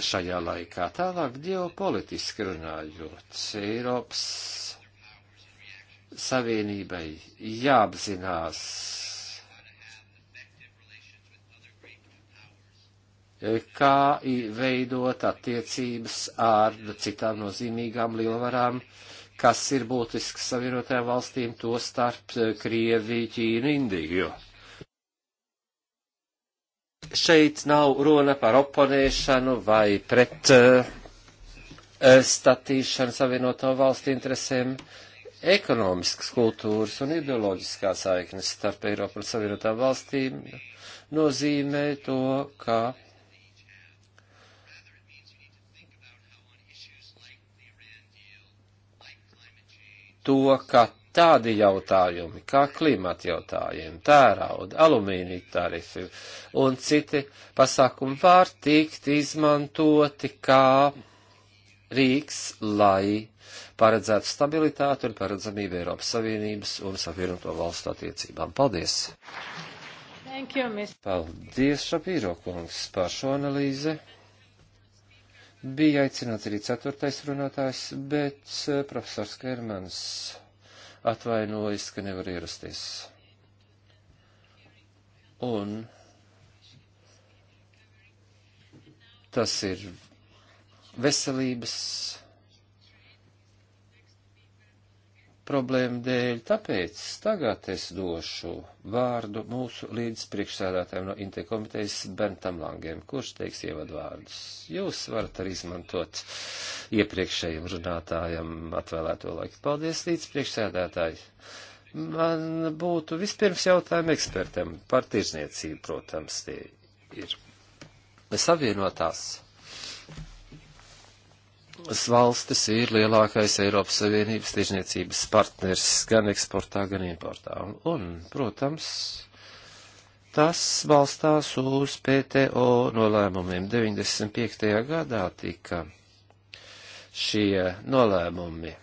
Speaker 1: šajā laikā. Tālāk ģeopolitiski runājot, Eiropas Savienībai jāapzinās, kā veidot attiecības ar citām nozīmīgām lielvarām, kas ir būtisks savienotajām valstīm, to starp Krieviju, Ķīnu, Indiju. Jo šeit nav runa par oponēšanu vai pret uh, statīšanu savienoto valstu interesēm. Ekonomiskas kultūras un ideoloģiskā saiknes starp Eiropu un savienotām valstīm nozīmē to, ka to, ka tādi jautājumi kā klimata jautājumi, tērauda, alumīnija tarifi un citi pasākumi var tikt izmantoti kā rīks, lai paredzētu stabilitāti un paredzamību Eiropas Savienības un Savienoto valstu attiecībām. Paldies! Thank you, Mr. Paldies, Šapīro kungs, par šo analīzi. Bija aicināts arī ceturtais runātājs, bet eh, profesors Kermans atvainojas, ka nevar ierasties. Un tas ir veselības problēmu dēļ, tāpēc tagad es došu vārdu mūsu līdz priekšsēdātājiem no interkomitejas Bentam Langiem, kurš teiks ievadvārdus. Jūs varat arī izmantot iepriekšējiem runātājiem atvēlēto laiku. Paldies, līdz priekšsēdātāji! Man būtu vispirms jautājumi ekspertam par tirzniecību, protams, tie ir savienotās valstis ir lielākais Eiropas Savienības tirzniecības partners gan eksportā, gan importā. Un, protams, tas balstās uz PTO nolēmumiem. 95. gadā tika šie nolēmumi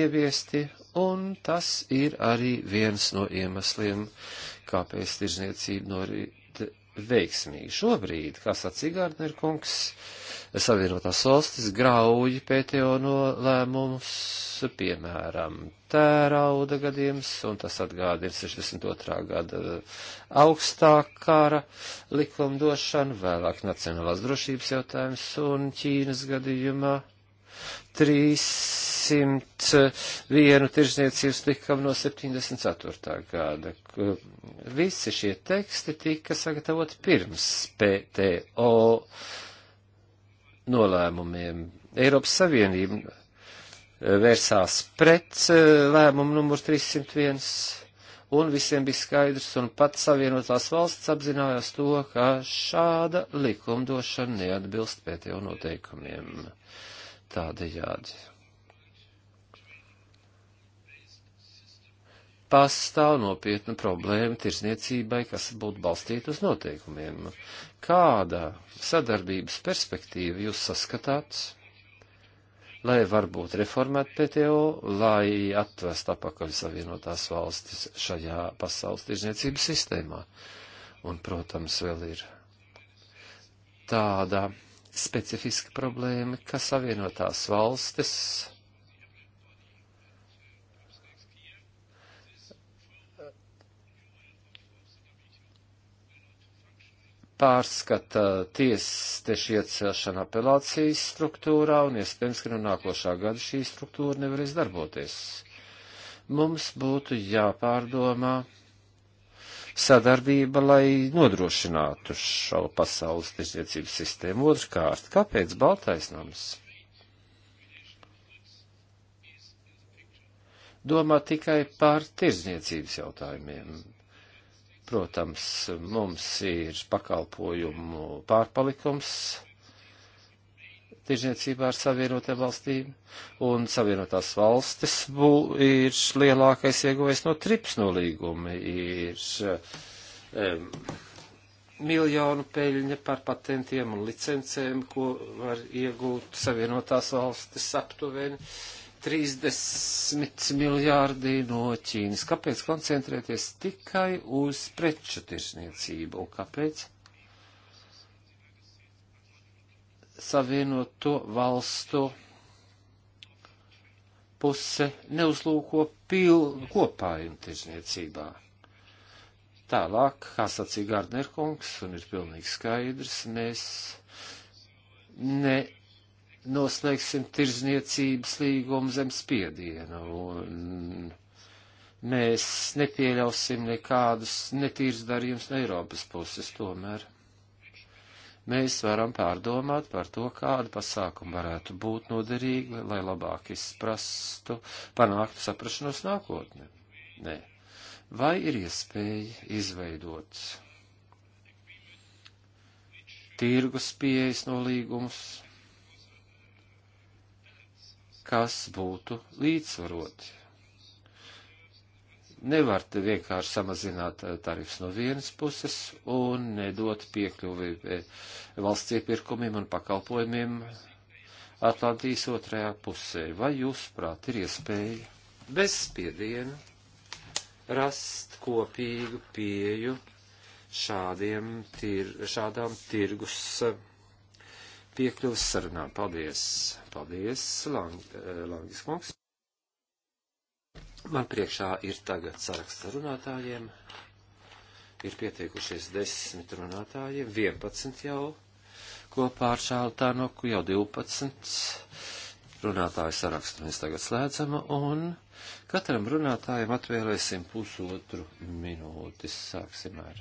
Speaker 1: ieviesti, un tas ir arī viens no iemesliem, kāpēc tirzniecība norit veiksmīgi. Šobrīd, kā sacīja Gārdner kungs, uh, Savienotās valstis grauji PTO nolēmumus, piemēram, tērauda gadījums, un tas atgādina 62. gada augstā kara likumdošanu, vēlāk nacionālās drošības jautājums un Ķīnas gadījumā 301 tirzniecības likam no 74. gada. Visi šie teksti tika sagatavoti pirms PTO nolēmumiem. Eiropas Savienība eh, vērsās pret eh, lēmumu numur 301, un visiem bija skaidrs, un pat Savienotās valsts apzinājās to, ka šāda likumdošana neatbilst pētējo noteikumiem. Tādējādi. pastāv nopietna problēma tirsniecībai, kas būtu balstīta uz noteikumiem. Kādā sadarbības perspektīva jūs saskatāt, lai varbūt reformētu PTO, lai atvest apakaļ savienotās valstis šajā pasaules tirsniecības sistēmā? Un, protams, vēl ir tāda specifiska problēma, ka savienotās valstis pārskata tiestieši iecelšana apelācijas struktūrā un iespējams, ka no nākošā gada šī struktūra nevarēs darboties. Mums būtu jāpārdomā sadarbība, lai nodrošinātu šo pasaules tirzniecības sistēmu. Otrkārt, kāpēc Baltais nams? Domā tikai par tirzniecības jautājumiem Protams, mums ir pakalpojumu pārpalikums tirzniecībā ar savienotām valstīm, un savienotās valstis bū, ir lielākais ieguvējs no trips nolīguma, ir um, miljonu peļņa par patentiem un licencēm, ko var iegūt savienotās valstis aptuveni. Uh, 30 miljārdi no Ķīnas. Kāpēc koncentrēties tikai uz preču tirsniecību un kāpēc savienot to valstu puse neuzlūko pil kopājumu tirsniecībā? Tālāk, kā sacīja Gardnerkungs, un ir pilnīgi skaidrs, mēs ne noslēgsim tirzniecības līgumu zem spiediena. Un mēs nepieļausim nekādus netīrs darījums no Eiropas puses tomēr. Mēs varam pārdomāt par to, kāda pasākuma varētu būt noderīga, lai labāk izprastu, panāktu saprašanos nākotnē. Nē. Vai ir iespēja izveidot tirgus pieejas nolīgumus? kas būtu līdzsvaroti. Nevar te vienkārši samazināt eh, tarifs no vienas puses un nedot piekļuvi eh, valsts iepirkumiem un pakalpojumiem Atlantijas otrajā pusē. Vai jūs, prāt, ir iespēja bez spiediena rast kopīgu pieju šādiem, tir, šādām tirgus uh, piekļuvas sarunām. Paldies! Paldies, Lang, eh, Langis kungs! Man priekšā ir tagad saraksts runātājiem. Ir pieteikušies desmit runātājiem, vienpadsmit jau kopā ar Čālu Tānoku, jau divpadsmit runātāju sarakstu mēs tagad slēdzam, un katram runātājam atvēlēsim pusotru minūti. Sāksim ar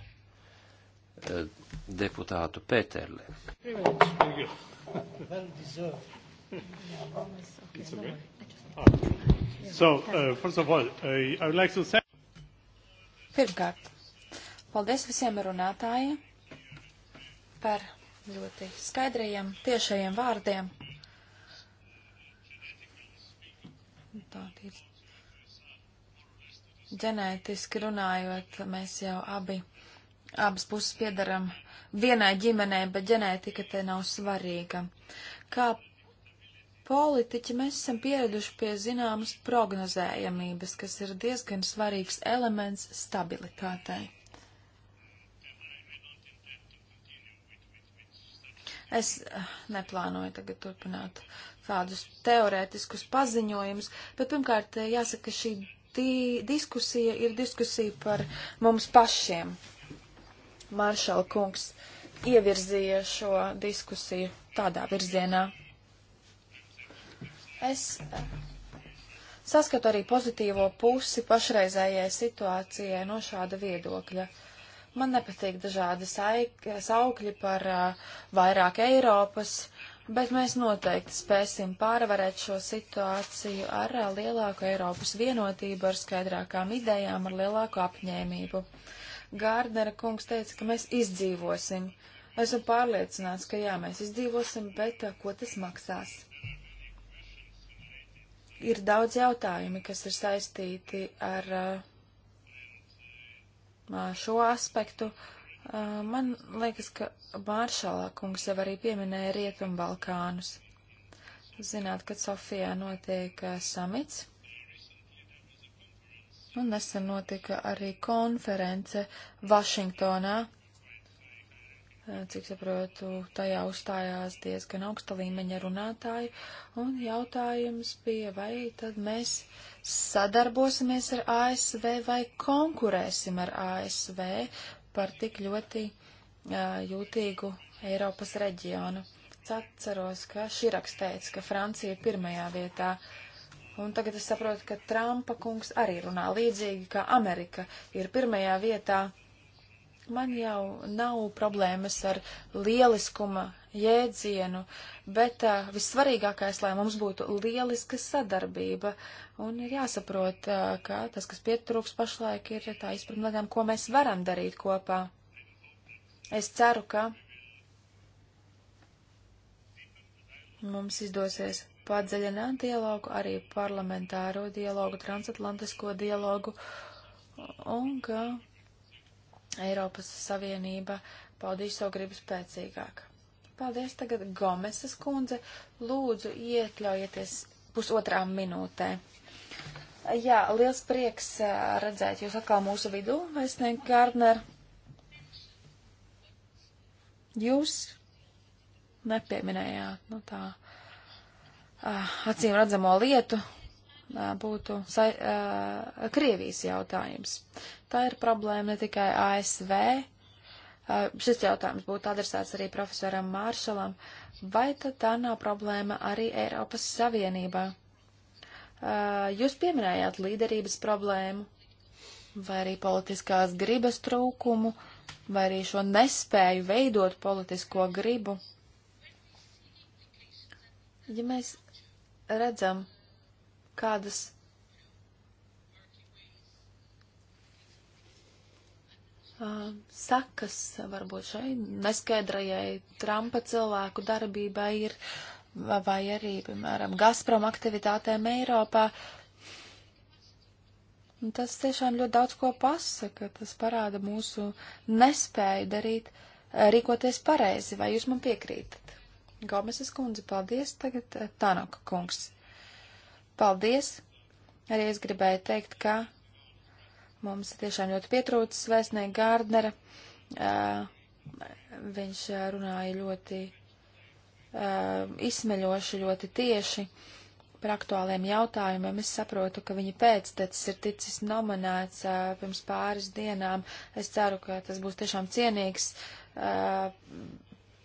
Speaker 1: deputātu Pēterli. Uh,
Speaker 2: Pirmkārt, paldies visiem runātājiem par ļoti skaidrajiem, tiešajiem vārdiem. Tā ir ģenētiski runājot, mēs jau abi abas puses piedaram vienai ģimenei, bet ģenētika te nav svarīga. Kā politiķi mēs esam pieraduši pie zināmas prognozējamības, kas ir diezgan svarīgs elements stabilitātei. Es eh, neplānoju tagad turpināt tādus teorētiskus paziņojumus, bet pirmkārt eh, jāsaka, ka šī di diskusija ir diskusija par mums pašiem, Maršala kungs ievirzīja šo diskusiju tādā virzienā. Es eh, saskatu arī pozitīvo pusi pašreizējai situācijai no šāda viedokļa. Man nepatīk dažādi saukļi par uh, vairāk Eiropas, bet mēs noteikti spēsim pārvarēt šo situāciju ar uh, lielāku Eiropas vienotību, ar skaidrākām idejām, ar lielāku apņēmību. Uh, Gārdnera kungs teica, ka mēs izdzīvosim. Esmu pārliecināts, ka jā, mēs izdzīvosim, bet uh, ko tas maksās? Ir daudz jautājumi, kas ir saistīti ar uh, uh, šo aspektu. Man liekas, ka Māršalā kungs jau arī pieminēja Rietumbalkānus. Zināt, kad Sofijā notiek samits Un nu, nesen notika arī konference Vašingtonā. Eh, cik saprotu, tajā uzstājās diezgan augsta līmeņa runātāji, un jautājums bija, vai tad mēs sadarbosimies ar ASV vai konkurēsim ar ASV par tik ļoti uh, jūtīgu Eiropas reģionu. Es atceros, ka Širaks teica, ka Francija ir pirmajā vietā uh, Un tagad es saprotu, ka Trumpa kungs arī runā līdzīgi, ka Amerika ir pirmajā vietā. Man jau nav problēmas ar lieliskuma jēdzienu, bet uh, vissvarīgākais, lai mums būtu lieliska sadarbība. Un ir jāsaprot, uh, ka tas, kas pietrūks pašlaik, ir tā izpratne, ko mēs varam darīt kopā. Es ceru, ka mums izdosies padziļināt dialogu, arī parlamentāro dialogu, transatlantisko dialogu, un ka Eiropas Savienība paudīs savu gribu spēcīgāk. Paldies tagad Gomesas kundze, lūdzu iekļaujieties pusotrā minūtē. Jā, liels prieks redzēt jūs atkal mūsu vidū, Vēstniek Gārner. Jūs nepieminējāt, nu tā Ah, acīm redzamo lietu būtu sai, uh, Krievijas jautājums. Tā ir problēma ne tikai ASV. Uh, šis jautājums būtu adresēts arī profesoram Māršalam. Vai tad tā nav problēma arī Eiropas Savienībā? Uh, jūs pieminējāt līderības problēmu, vai arī politiskās gribas trūkumu, vai arī šo nespēju veidot politisko gribu. Ja mēs redzam, kādas uh, sakas varbūt šai neskaidrajai Trumpa cilvēku darbībai ir, vai arī, piemēram, Gazprom aktivitātēm Eiropā. Un tas tiešām ļoti daudz ko pasaka, tas parāda mūsu nespēju darīt, rīkoties pareizi, vai jūs man piekrītat? Gomesas kundze, paldies. Tagad eh, Tanaka kungs. Paldies. Arī es gribēju teikt, ka mums tiešām ļoti pietrūcis vēstnieks Gārdnera. Eh, viņš eh, runāja ļoti izsmeļoši, ļoti tieši par aktuāliem jautājumiem. Es saprotu, ka viņa pēctecis ir ticis nominēts uh, pirms pāris dienām. Es ceru, ka tas būs tiešām cienīgs uh,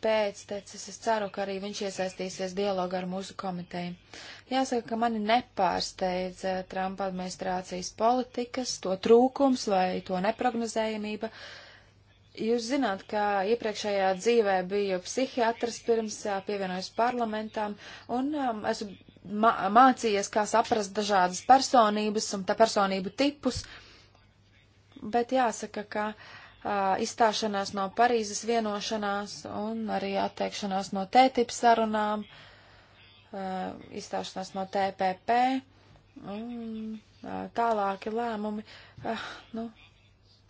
Speaker 2: pēctecis, es ceru, ka arī viņš iesaistīsies dialogu ar mūsu komiteju. Jāsaka, ka mani nepārsteidz eh, Trumpa administrācijas politikas, to trūkums vai to neprognozējamība. Jūs zināt, ka iepriekšējā dzīvē biju psihiatrs pirms eh, pievienojos parlamentām, un um, esmu mācījies, kā saprast dažādas personības un tā personību tipus, bet jāsaka, ka. Uh, uh, izstāšanās no Parīzes vienošanās un arī atteikšanās no TTIP sarunām, uh, izstāšanās no TPP un uh, tālāki lēmumi. Uh, nu,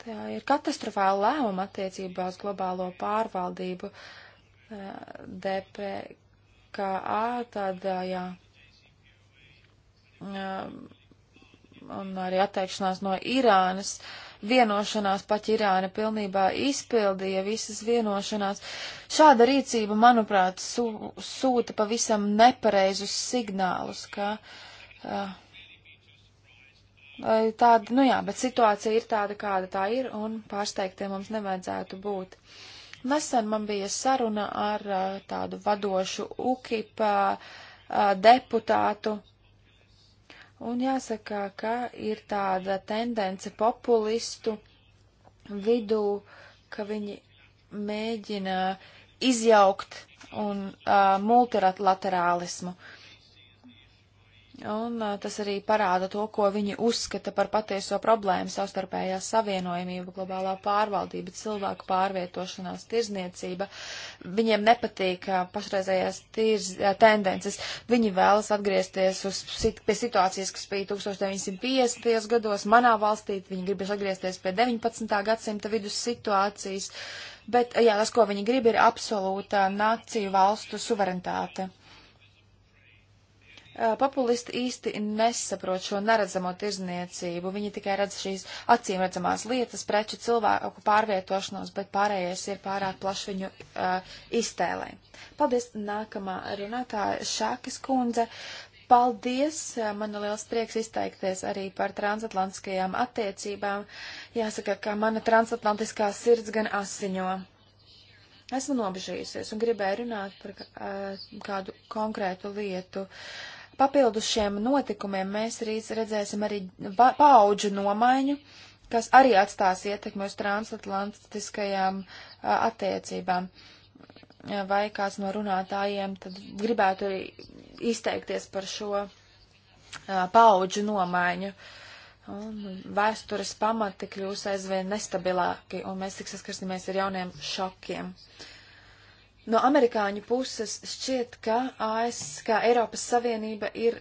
Speaker 2: tā ir katastrofāla lēmuma attiecībā uz globālo pārvaldību uh, DPKA, tad, uh, jā. Uh, un arī atteikšanās no Irānas. Uh, vienošanās, paķi Irāna pilnībā izpildīja visas vienošanās. Šāda rīcība, manuprāt, su, sūta pavisam nepareizus signālus, ka uh, tāda, nu jā, bet situācija ir tāda, kāda tā ir, un pārsteigtiem mums nevajadzētu būt. Nesen man bija saruna ar uh, tādu vadošu UKIP uh, uh deputātu, Un jāsaka, ka ir tāda tendence populistu vidū, ka viņi mēģina izjaukt un uh, multilaterālismu. Un tas arī parāda to, ko viņi uzskata par patieso problēmu - savstarpējā savienojamība, globālā pārvaldība, cilvēku pārvietošanās, tirzniecība. Viņiem nepatīk pašreizējās tirz, tendences. Viņi vēlas atgriezties uz, pie situācijas, kas bija 1950. gados manā valstī. Viņi gribas atgriezties pie 19. gadsimta vidus situācijas. Bet jā, tas, ko viņi grib, ir absolūta nāciju valstu suverenitāte. Eh, populisti īsti nesaprot šo neredzamo tirzniecību. Viņi tikai redz šīs acīm redzamās lietas, preču cilvēku pārvietošanos, bet pārējais ir pārāk plaši viņu uh, iztēlē. Paldies, nākamā runātāja Šākas kundze. Paldies! Eh, man liels prieks izteikties arī par transatlantiskajām attiecībām. Jāsaka, ka mana transatlantiskā sirds gan asiņo. Esmu nobežījusies un gribēju runāt par kādu konkrētu lietu. Uh, Papildus šiem notikumiem mēs arī redzēsim arī paauģu nomaiņu, kas arī atstās ietekmi uz transatlantiskajām attiecībām. Vai kāds no runātājiem tad gribētu arī izteikties par šo paauģu nomaiņu? Un vēstures pamati kļūs aizvien nestabilāki, un mēs tik saskarsimies ar jauniem šokiem. Uh, No amerikāņu puses šķiet, ka AS, kā Eiropas Savienība ir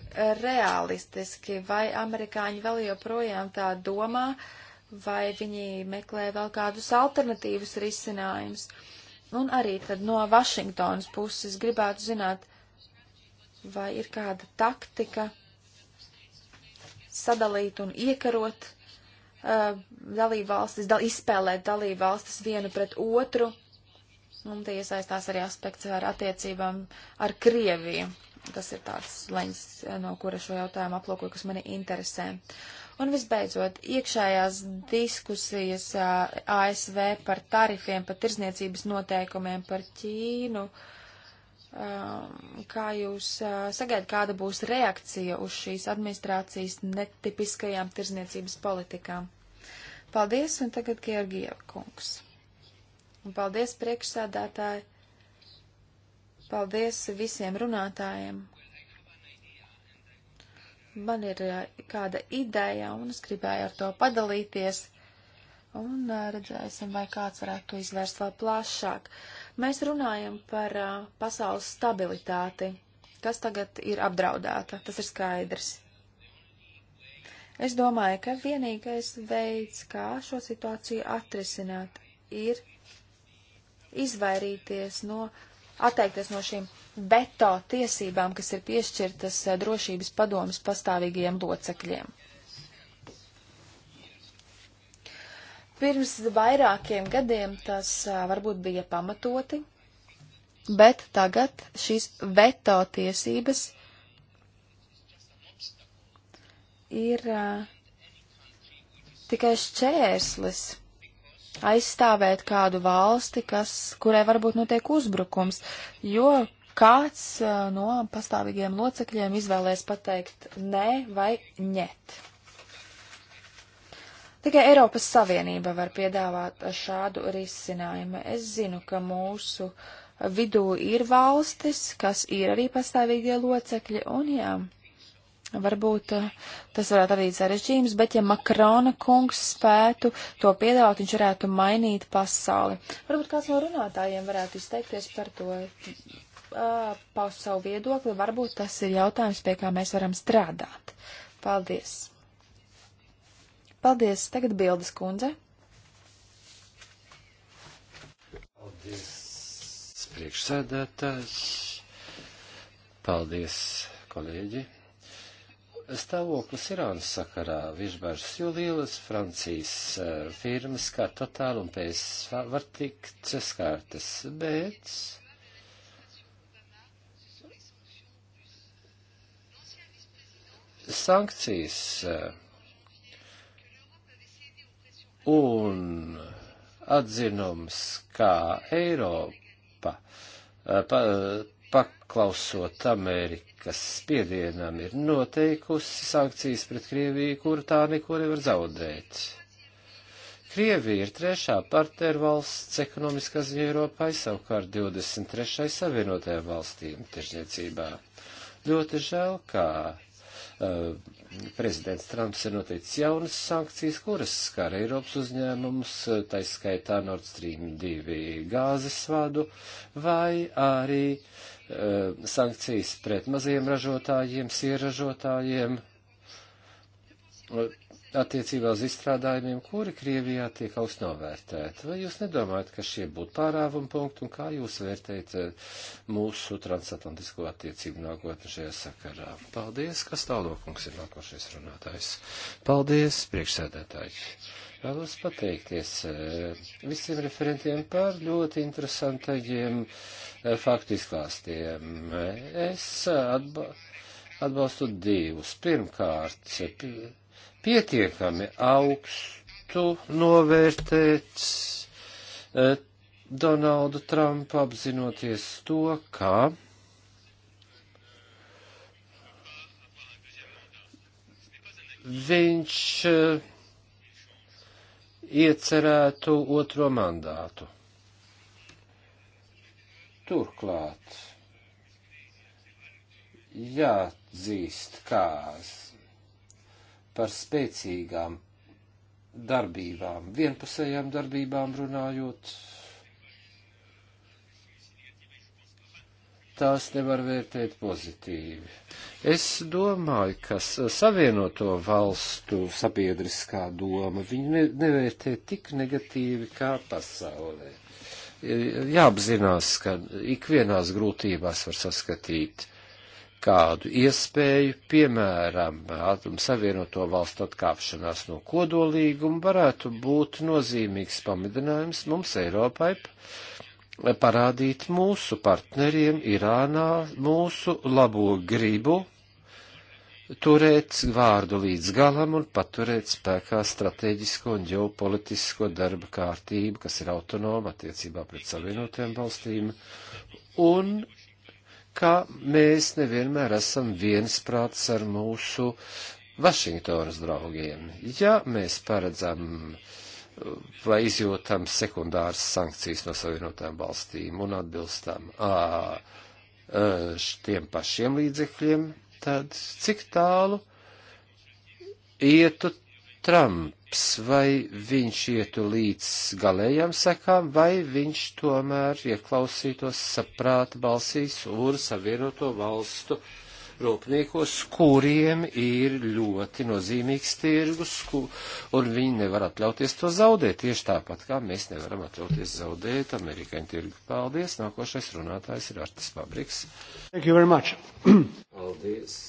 Speaker 2: realistiski, vai amerikāņi vēl joprojām tā domā, vai viņi meklē vēl kādus alternatīvus risinājumus. Un arī tad no Vašingtonas puses gribētu zināt, vai ir kāda taktika sadalīt un iekarot uh, dalībvalstis, dal, izspēlēt dalībvalstis vienu pret otru Un nu, te iesaistās arī aspekts ar attiecībām ar Krieviju. Tas ir tāds leņķis, eh, no kura šo jautājumu aplūkoju, kas mani interesē. Un visbeidzot, iekšējās diskusijas eh, ASV par tarifiem, par tirzniecības noteikumiem, par Ķīnu. Um, kā jūs eh, sagaidat, kāda būs reakcija uz šīs administrācijas netipiskajām tirzniecības politikām? Paldies, un tagad Georgiev kungs. Un paldies priekšsādātāji. Paldies visiem runātājiem. Man ir kāda ideja, un es gribēju ar to padalīties. Un redzēsim, vai kāds varētu to izvērst vēl plašāk. Mēs runājam par uh, pasaules stabilitāti, kas tagad ir apdraudēta. Tas ir skaidrs. Es domāju, ka vienīgais veids, kā šo situāciju atrisināt, ir izvairīties no, atteikties no šīm veto tiesībām, kas ir piešķirtas eh, drošības padomas pastāvīgajiem locekļiem. Pirms vairākiem gadiem tas eh, varbūt bija pamatoti, bet tagad šīs veto tiesības ir eh, tikai šķērslis aizstāvēt kādu valsti, kas, kurai varbūt notiek uzbrukums, jo kāds no pastāvīgiem locekļiem izvēlēs pateikt nē vai ņet. Tikai Eiropas Savienība var piedāvāt šādu risinājumu. Es zinu, ka mūsu vidū ir valstis, kas ir arī pastāvīgie locekļi, un jā, Varbūt eh, tas varētu radīt sarežģījums, bet ja Makrona kungs spētu to piedāvāt, viņš varētu mainīt pasauli. Varbūt kāds no runātājiem varētu izteikties par to, paust savu viedokli, varbūt tas ir jautājums, pie kā mēs varam strādāt. Paldies! Paldies! Tagad bildes kundze.
Speaker 1: Paldies, priekšsēdētājs. Paldies, kolēģi stāvoklis Irānas sakarā višbažas, jo lielas Francijas eh, firmas kā Total un PSV var tikt skārtas, bet sankcijas eh, un atzinums, kā Eiropa, eh, pa, paklausot Ameriku, Amerikas spiedienam ir noteikusi sankcijas pret Krieviju, kuru tā neko nevar zaudēt. Krievija ir trešā partnervalsts ekonomiskā ziņā Eiropai, savukārt 23. savienotajām valstīm tirzniecībā. Ļoti žēl, ka uh, prezidents Trumps ir noteicis jaunas sankcijas, kuras skar Eiropas uzņēmumus, taiskaitā Nord Stream 2 gāzes vadu, vai arī uh, Eh, sankcijas pret maziem ražotājiem, sieražotājiem, eh, attiecībā uz izstrādājumiem, kuri Krievijā tiek augst novērtēti. Vai jūs nedomājat, ka šie būtu pārāvuma punkti un kā jūs vērtējat eh, mūsu transatlantisko attiecību nākotni šajā sakarā? Paldies, kas tālākums ir nākošais runātājs. Paldies, priekšsēdētāji. Vēlos pateikties eh, visiem referentiem par ļoti interesantajiem eh, faktu izklāstiem. Es eh, atba atbalstu divus. Pirmkārt, pietiekami augstu novērtēt Donaldu Trumpu apzinoties to, ka viņš iecerētu otro mandātu. Turklāt jāatzīst, kā par spēcīgām darbībām, vienpusējām darbībām runājot, tās nevar vērtēt pozitīvi. Es domāju, ka savienoto valstu sabiedriskā doma viņu ne, nevērtē tik negatīvi kā pasaulē. E, jāapzinās, ka ikvienās grūtībās var saskatīt kādu iespēju, piemēram, atom savienoto valstu atkāpšanās no kodolīguma varētu būt nozīmīgs pamidinājums mums Eiropai parādīt mūsu partneriem Irānā mūsu labo gribu turēt vārdu līdz galam un paturēt spēkā strateģisko un ģeopolitisko darba kārtību, kas ir autonoma attiecībā pret savienotajām valstīm, un ka mēs nevienmēr esam viensprāts ar mūsu Vašingtonas draugiem. Ja mēs paredzam uh, vai izjūtam sekundāras sankcijas no savienotām valstīm un atbilstam ā, tiem pašiem līdzekļiem, tad cik tālu ietu Trumps, vai viņš ietu līdz galējām sekām, vai viņš tomēr ieklausītos saprāta balsīs un savienoto valstu uh, rūpniekus, kuriem ir ļoti nozīmīgs tirgus, un viņi nevar atļauties to zaudēt. Tieši tāpat kā mēs nevaram atļauties zaudēt amerikāņu tirgu. Paldies! Nākošais runātājs ir Artis Pabriks. Thank you very much! Paldies!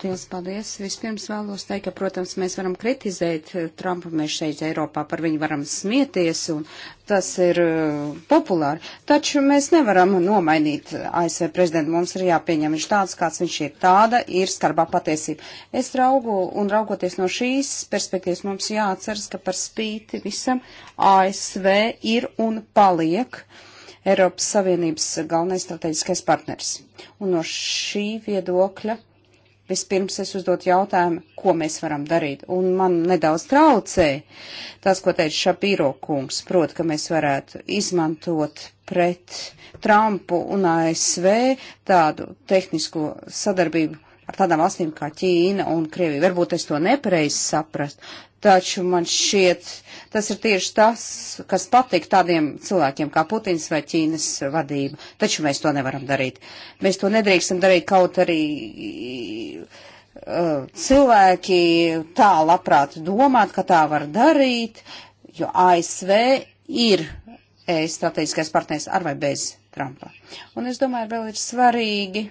Speaker 3: Liels paldies. Vispirms vēlos teikt, ka, protams, mēs varam kritizēt eh, Trumpu, mēs šeit Eiropā par viņu varam smieties, un tas ir uh, populāri. Taču mēs nevaram nomainīt eh, ASV prezidentu, mums ir jāpieņem viņš tāds, kāds viņš ir. Tāda ir skarbā patiesība. Es raugu un raugoties no šīs perspektīvas mums jāatceras, ka par spīti visam ASV ir un paliek. Eiropas Savienības galvenais strateģiskais partners. Un no šī viedokļa Vispirms es uzdot jautājumu, ko mēs varam darīt. Un man nedaudz traucē tas, ko teica Šapīro kungs, proti, ka mēs varētu izmantot pret Trumpu un ASV tādu tehnisko sadarbību ar tādām valstīm kā Ķīna un Krievija. Varbūt es to nepareizi saprast, Taču man šķiet, tas ir tieši tas, kas patīk tādiem cilvēkiem kā Putins vai Ķīnas vadība. Taču mēs to nevaram darīt. Mēs to nedrīkstam darīt kaut arī uh, cilvēki tā labprāt domāt, ka tā var darīt, jo ASV ir e, strateģiskais partners ar vai bez Trumpa. Un es domāju, vēl ir svarīgi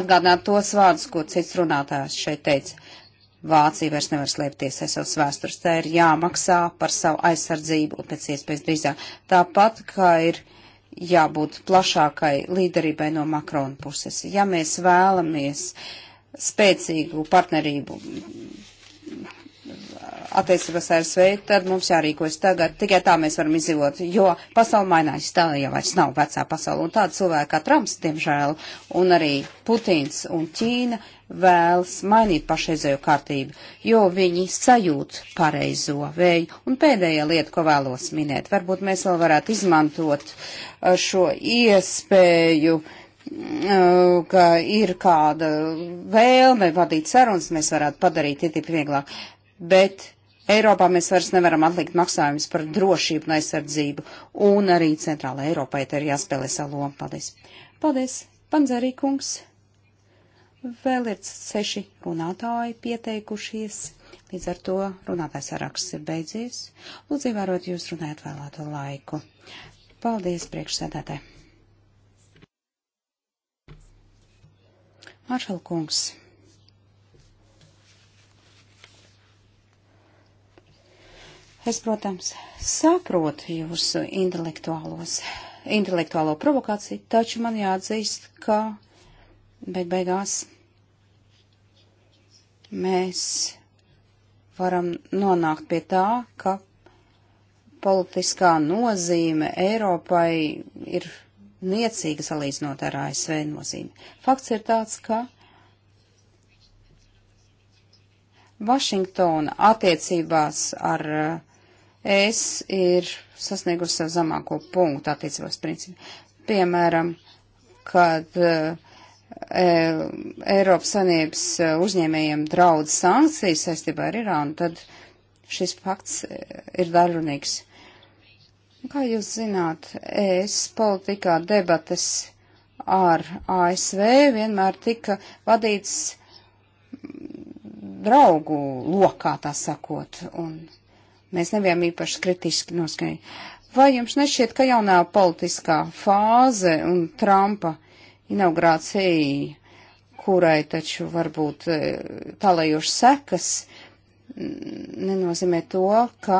Speaker 3: atgādināt tos vārdus, ko cits runātājs šeit teica Vācija vairs nevar slēpties aiz savas vēstures. Tā ir jāmaksā par savu aizsardzību un pēc iespējas drīzāk. Tāpat, kā ir jābūt plašākai līderībai no Makrona puses. Ja mēs vēlamies spēcīgu partnerību attiecībās ar sveju, tad mums jārīkojas tagad. Tikai tā mēs varam izdzīvot, jo pasauli mainās. Tā jau vairs nav vecā pasaule. Un tāda cilvēka kā Trumps, diemžēl, un arī Putins un Ķīna vēlas mainīt pašreizējo kārtību, jo viņi sajūt pareizo vēju. Un pēdējā lieta, ko vēlos minēt, varbūt mēs vēl varētu izmantot uh, šo iespēju uh, ka ir kāda vēlme vadīt sarunas, mēs varētu padarīt TTIP vieglāk. Bet Eiropā mēs vairs nevaram atlikt maksājumus par drošību un aizsardzību, un arī Centrāla Eiropai te ir jāspēlē savu lomu. Paldies! Paldies, Panzerī kungs! Vēl ir seši runātāji pieteikušies, līdz ar to runātājs saraksts ir beidzies. Lūdzu, ievērot, jūs runājat vēlēto laiku. Paldies, priekšsēdētāji! Maršalkungs! kungs! Es, protams, saprotu jūsu intelektuālos, intelektuālo provokāciju, taču man jāatzīst, ka beig beigās mēs varam nonākt pie tā, ka politiskā nozīme Eiropai ir niecīga salīdzinot ar ASV nozīmi. Fakts ir tāds, ka Vašingtona attiecībās ar es ir sasniegusi savu zemāko punktu attiecībās principu. Piemēram, kad uh, Eiropas Sanības e, uzņēmējiem draudz sankcijas saistībā ar Irānu, tad šis fakts ir darunīgs. Kā jūs zināt, es politikā debates ar ASV vienmēr tika vadīts draugu lokā, tā sakot, un Mēs nebijām īpaši kritiski noskaņi. Vai jums nešķiet, ka jaunā politiskā fāze un Trumpa inaugurācija, kurai taču varbūt e, tālējoši sekas, nenozīmē to, ka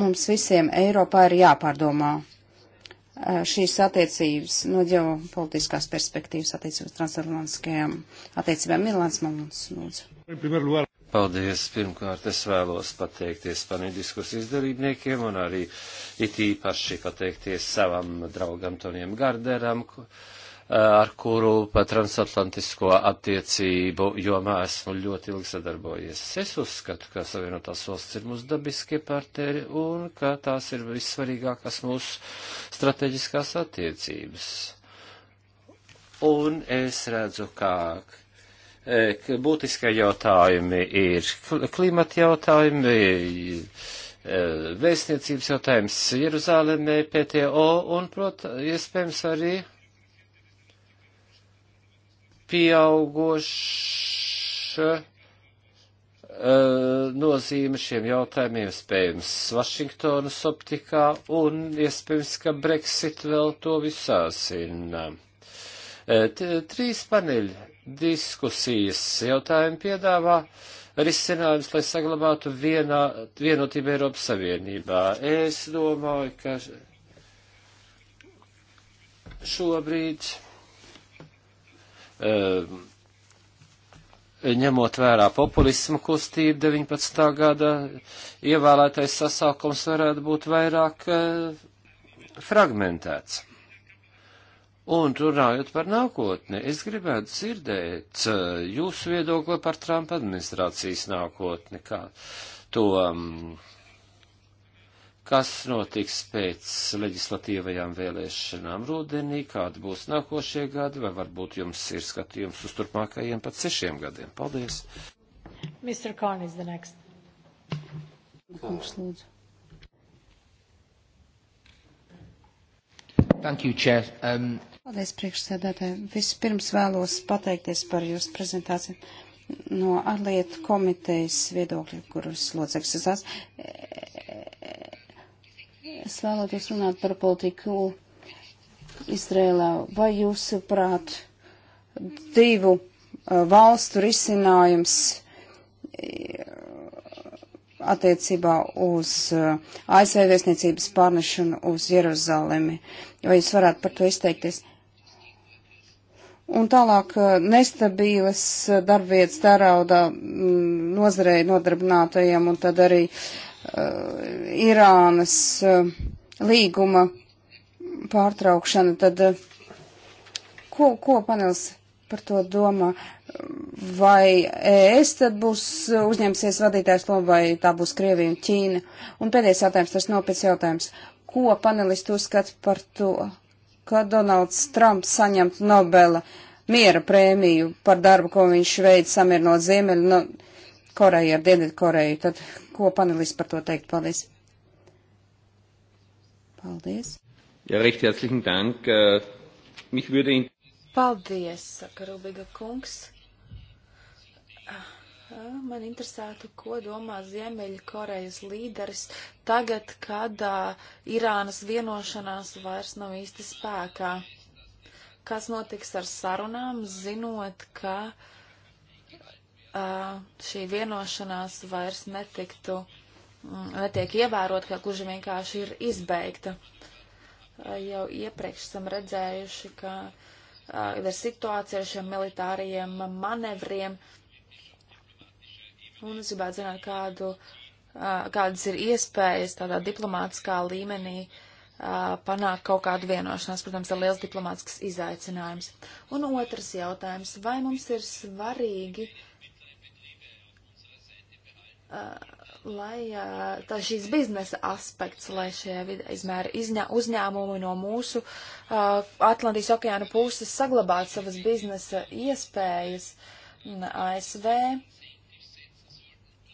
Speaker 3: mums visiem Eiropā ir jāpārdomā e, šīs attiecības no ģeopolitiskās perspektīvas attiecības transatlantiskajām attiecībām. Milāns
Speaker 1: Malons, lūdzu. Paldies! Pirmkārt, es vēlos pateikties paneļdiskus izdalībniekiem un arī it īpaši pateikties savam draugam Toniem Garderam, ar kuru pa transatlantisko attiecību jomā esmu ļoti ilgi sadarbojies. Es uzskatu, ka Savienotās valsts ir mūsu dabiskie partneri un ka tās ir vissvarīgākās mūsu strateģiskās attiecības. Un es redzu, kā būtiskie jautājumi ir klimata jautājumi, e, vēstniecības jautājums Jeruzālēmē, PTO un, protams, iespējams arī pieaugoša e, nozīme šiem jautājumiem spējams Vašingtonas optikā un iespējams, ka Brexit vēl to visāsina. E, trīs paneļi diskusijas jautājumi piedāvā risinājums, lai saglabātu vienā, vienotību Eiropas Savienībā. Es domāju, ka šobrīd, um, ņemot vērā populismu kustību 19. gada, ievēlētais sasaukums varētu būt vairāk uh, fragmentēts. Un runājot par nākotni, es gribētu dzirdēt eh, jūsu viedokli par Trumpa administrācijas nākotni, kā to, mm, kas notiks pēc leģislatīvajām vēlēšanām rudenī, kādi būs nākošie gadi, vai varbūt jums ir skatījums uz turpmākajiem pat sešiem gadiem. Paldies!
Speaker 3: Mr. Korn is the next. Kungs, lūdzu.
Speaker 1: Thank you, Chair. Um,
Speaker 3: Paldies, priekšsēdētāji. Vispirms vēlos pateikties par jūsu prezentāciju no ārlietu komitejas viedokļa, kuras loceklis es esmu. Es vēlētos runāt par politiku Izrēlā. Vai jūsuprāt, divu uh, valstu risinājums uh, attiecībā uz uh, ASV vēstniecības pārnešanu uz Jeruzalemi. Vai jūs varētu par to izteikties? Un tālāk eh, nestabilas eh, darbvietas tērauda mm, nozarei nodarbinātajiem un tad arī uh, Irānas uh, līguma pārtraukšana. Tad uh, ko, ko panels par to domā? Vai es tad būs uzņemsies vadītājs lomu vai tā būs Krievija un Ķīna? Un pēdējais jautājums, tas nopietns jautājums. Ko panelisti uzskata par to? ka Donalds Trumps saņemtu Nobela miera prēmiju par darbu, ko viņš veids samierinot Ziemeļu no Koreju ar Dienvidu Koreju. Tad ko panelists par to teikt? Paldies. Paldies.
Speaker 1: Ja, recht herzlichen Dank. Äh, mich würde in...
Speaker 2: Paldies, saka Rubiga kungs. Man interesētu, ko domā Ziemeļkorejas līderis tagad, kad uh, Irānas vienošanās vairs nav īsti spēkā. Kas notiks ar sarunām, zinot, ka uh, šī vienošanās vairs netiktu, mm, netiek ievērot, ka gluži vienkārši ir izbeigta. Uh, jau iepriekš esam redzējuši, ka ir situācija ar šiem militārajiem manevriem. Uh, Un es gribētu zināt, kādu, kādas ir iespējas tādā diplomātiskā līmenī panākt kaut kādu vienošanās. Protams, ir liels diplomātisks izaicinājums. Un otrs jautājums. Vai mums ir svarīgi, lai tā šīs biznesa aspekts, lai šie izmēri izņā, uzņēmumi no mūsu Atlantijas okeāna puses saglabātu savas biznesa iespējas ASV?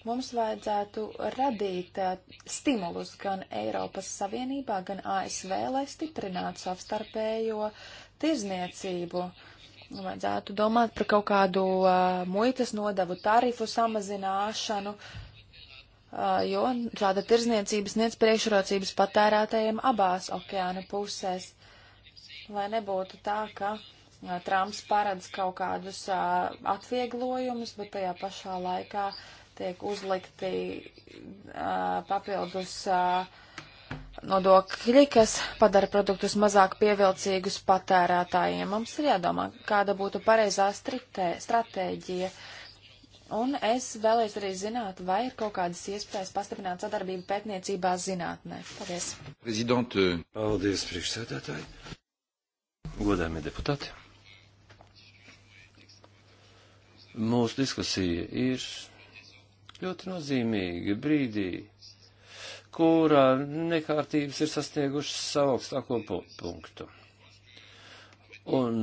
Speaker 2: mums vajadzētu radīt uh, stimulus gan Eiropas Savienībā, gan ASV, lai stiprinātu savstarpējo tirzniecību. Vajadzētu domāt par kaut kādu uh, muitas nodevu tarifu samazināšanu, uh, jo šāda tirzniecības niec priekšrocības patērētājiem abās okeāna pusēs, lai nebūtu tā, ka. Trumps paredz kaut kādus uh, atvieglojumus, bet tajā pašā laikā uh, tiek uzlikti uh, papildus uh, nodokļi, kas padara produktus mazāk pievilcīgus patērētājiem. Mums ir jādomā, kāda būtu pareizā stritē, stratēģija. Un es vēlreiz arī zināt, vai ir kaut kādas iespējas pastiprināt sadarbību pētniecībā zinātnē. Paldies.
Speaker 1: Prezidente. Paldies, priekšsēdētāji. Godājumie deputāti. Mūsu diskusija ir ļoti nozīmīgi brīdī, kurā nekārtības ir sasniegušas savu augstāko punktu. Un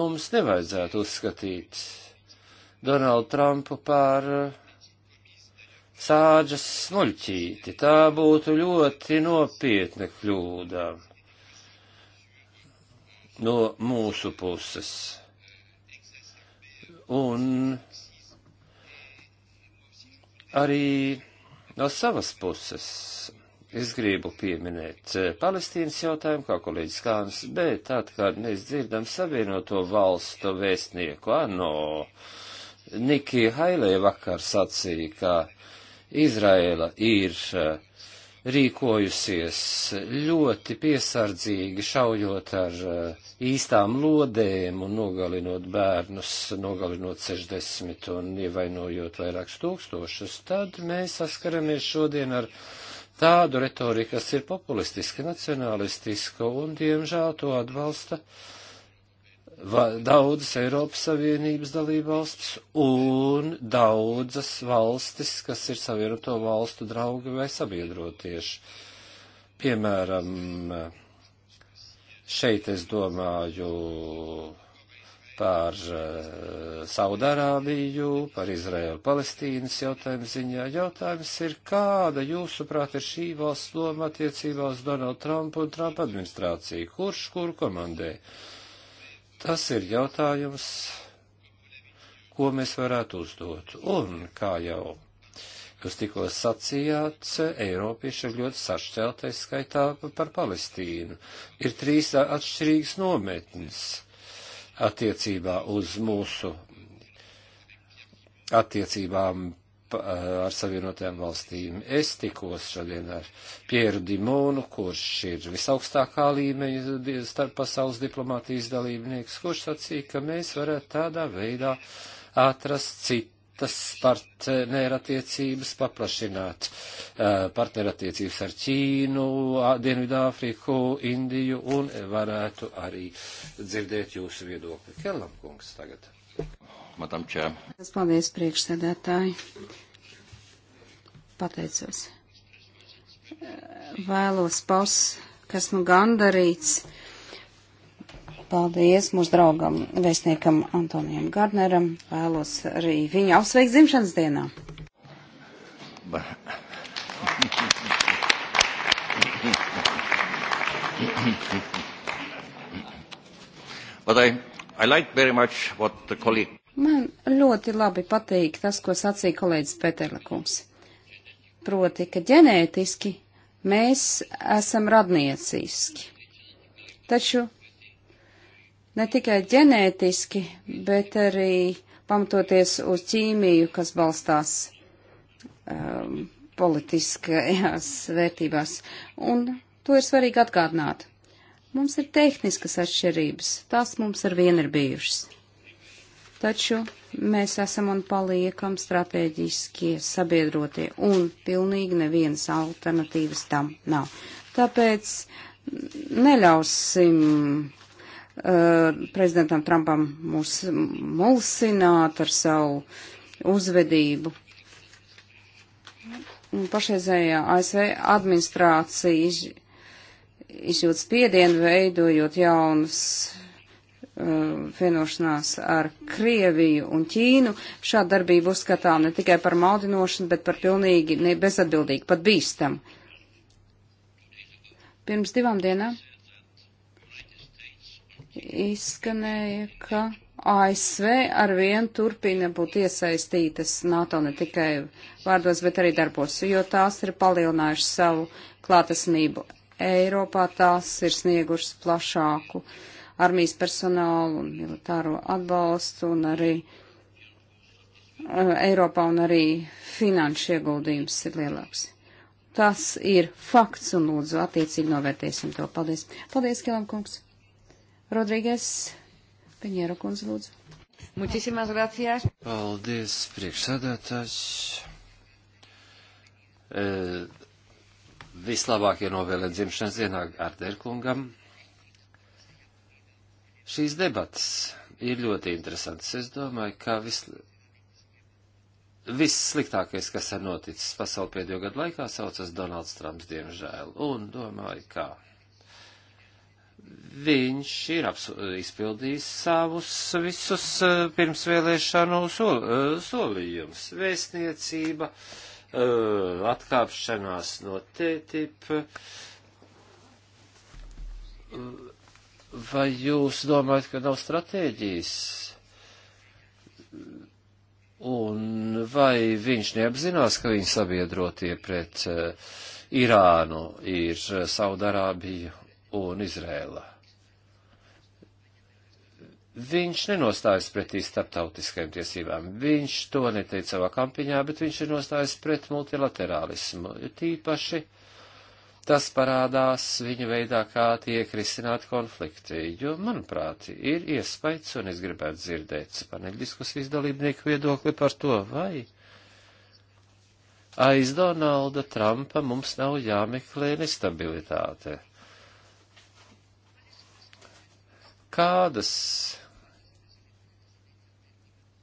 Speaker 1: mums nevajadzētu uzskatīt Donaldu Trumpu par uh, sāģas smuļķīti. Tā būtu ļoti nopietna kļūda no mūsu puses. Un arī no savas puses es gribu pieminēt eh, Palestīnas jautājumu kā kolēģis Kāns, bet tad, kad mēs dzirdam savienoto valstu vēstnieku ANO, Niki Hailē vakar sacīja, ka Izraela ir uh, rīkojusies ļoti piesardzīgi, šaujot ar eh, īstām lodēm un nogalinot bērnus, nogalinot 60 un ievainojot vairākus tūkstošus, tad mēs saskaramies šodien ar tādu retoriku, kas ir populistiska, nacionalistiska un, diemžēl, to atbalsta uh, daudzas Eiropas Savienības dalībvalstis un daudzas valstis, kas ir savienoto valstu draugi vai sabiedrotieši. Piemēram, šeit es domāju par eh, Saudārābiju, par Izraēlu Palestīnas jautājumu ziņā. Jautājums ir, kāda jūsuprāt ir šī valsts loma attiecībā uz Donaldu Trumpu un Trumpa administrāciju? Kurš kuru komandē? Uh, Tas ir jautājums, ko mēs varētu uzdot. Un, kā jau jūs tikko sacījāt, Eiropieši ir ļoti sašķeltais skaitā par Palestīnu. Ir trīs atšķirīgas nometnes attiecībā uz mūsu attiecībām Eh, ar savienotajām valstīm. Es tikos šodien ar Pieru Dimonu, kurš ir visaugstākā līmeņa starp pasaules diplomātijas dalībnieks, kurš sacīja, ka mēs varētu tādā veidā atrast citas partnerattiecības, paplašināt eh, partnerattiecības ar Ķīnu, Dienvidāfriku, Indiju un varētu arī dzirdēt jūsu viedokli. Kellam kungs tagad. Madam Chair.
Speaker 3: Paldies, priekšsēdētāji. Pateicos. Vēlos paus, kas nu gandarīts. Paldies mūsu draugam, vēstniekam Antonijam Gardneram. Vēlos arī viņu apsveikt dzimšanas dienā.
Speaker 1: Ba. But I, I like very much what the colleague
Speaker 3: Man ļoti labi patīk tas, ko sacīja kolēģis Peterlikums. Proti, ka ģenētiski mēs esam radnieciski. Taču ne tikai ģenētiski, bet arī pamatoties uz ķīmiju, kas balstās um, politiskajās vērtībās. Un to ir svarīgi atgādināt. Mums ir tehniskas atšķirības, tās mums ar vienu ir bijušas taču mēs esam un paliekam strateģiskie sabiedrotie, un pilnīgi nevienas alternatīvas tam nav. Tāpēc neļausim uh, prezidentam Trumpam mūs mulsināt ar savu uzvedību. Pašreizējā ASV administrācija izjūt spiedienu, veidojot jaunas Uh, vienošanās ar Krieviju un Ķīnu. Šāda darbība uzskatām ne tikai par maldinošanu, bet par pilnīgi bezatbildīgu, pat bīstam. Pirms divām dienām izskanēja, ka ASV arvien turpina būt iesaistītas NATO ne tikai vārdos, bet arī darbos, jo tās ir palielinājušas savu klātesamību Eiropā, tās ir sniegušas plašāku uh, armijas personālu un militāro atbalstu un arī uh, Eiropā un arī finanšu ieguldījums ir lielāks. Tas ir fakts un lūdzu attiecīgi novērtēsim to. Paldies. Paldies, Kilam kungs. Rodrīgais, Peņiera kungs, lūdzu. Muchísimas gracias.
Speaker 1: Paldies, priekšsēdētājs. E, vislabākie novēlēt dzimšanas dienā Arderkungam. kungam Šīs debatas ir ļoti interesantas. Es domāju, ka vis, vissliktākais, kas ir noticis pasaulē pēdējo gadu laikā, saucas Donalds Trumps, diemžēl. Un domāju, ka viņš ir izpildījis savus visus eh, pirmsvēlēšanu sol eh, solījumus. Vēstniecība, eh, atkāpšanās no TTIP Vai jūs domājat, ka nav stratēģijas? Un vai viņš neapzinās, ka viņa sabiedrotie pret uh, Irānu ir eh, Saudarābija un Izrēla? Viņš nenostājas pretī starptautiskajām tiesībām. Viņš to neteica savā kampiņā, bet viņš ir nostājis pret multilaterālismu. Tīpaši uh, tas parādās viņa veidā, kā tiek risināti konflikti, jo, manuprāt, ir iespējas, un es gribētu dzirdēt paneļdiskusijas dalībnieku viedokli par to, vai aiz Donalda Trumpa mums nav jāmeklē nestabilitāte. Kādas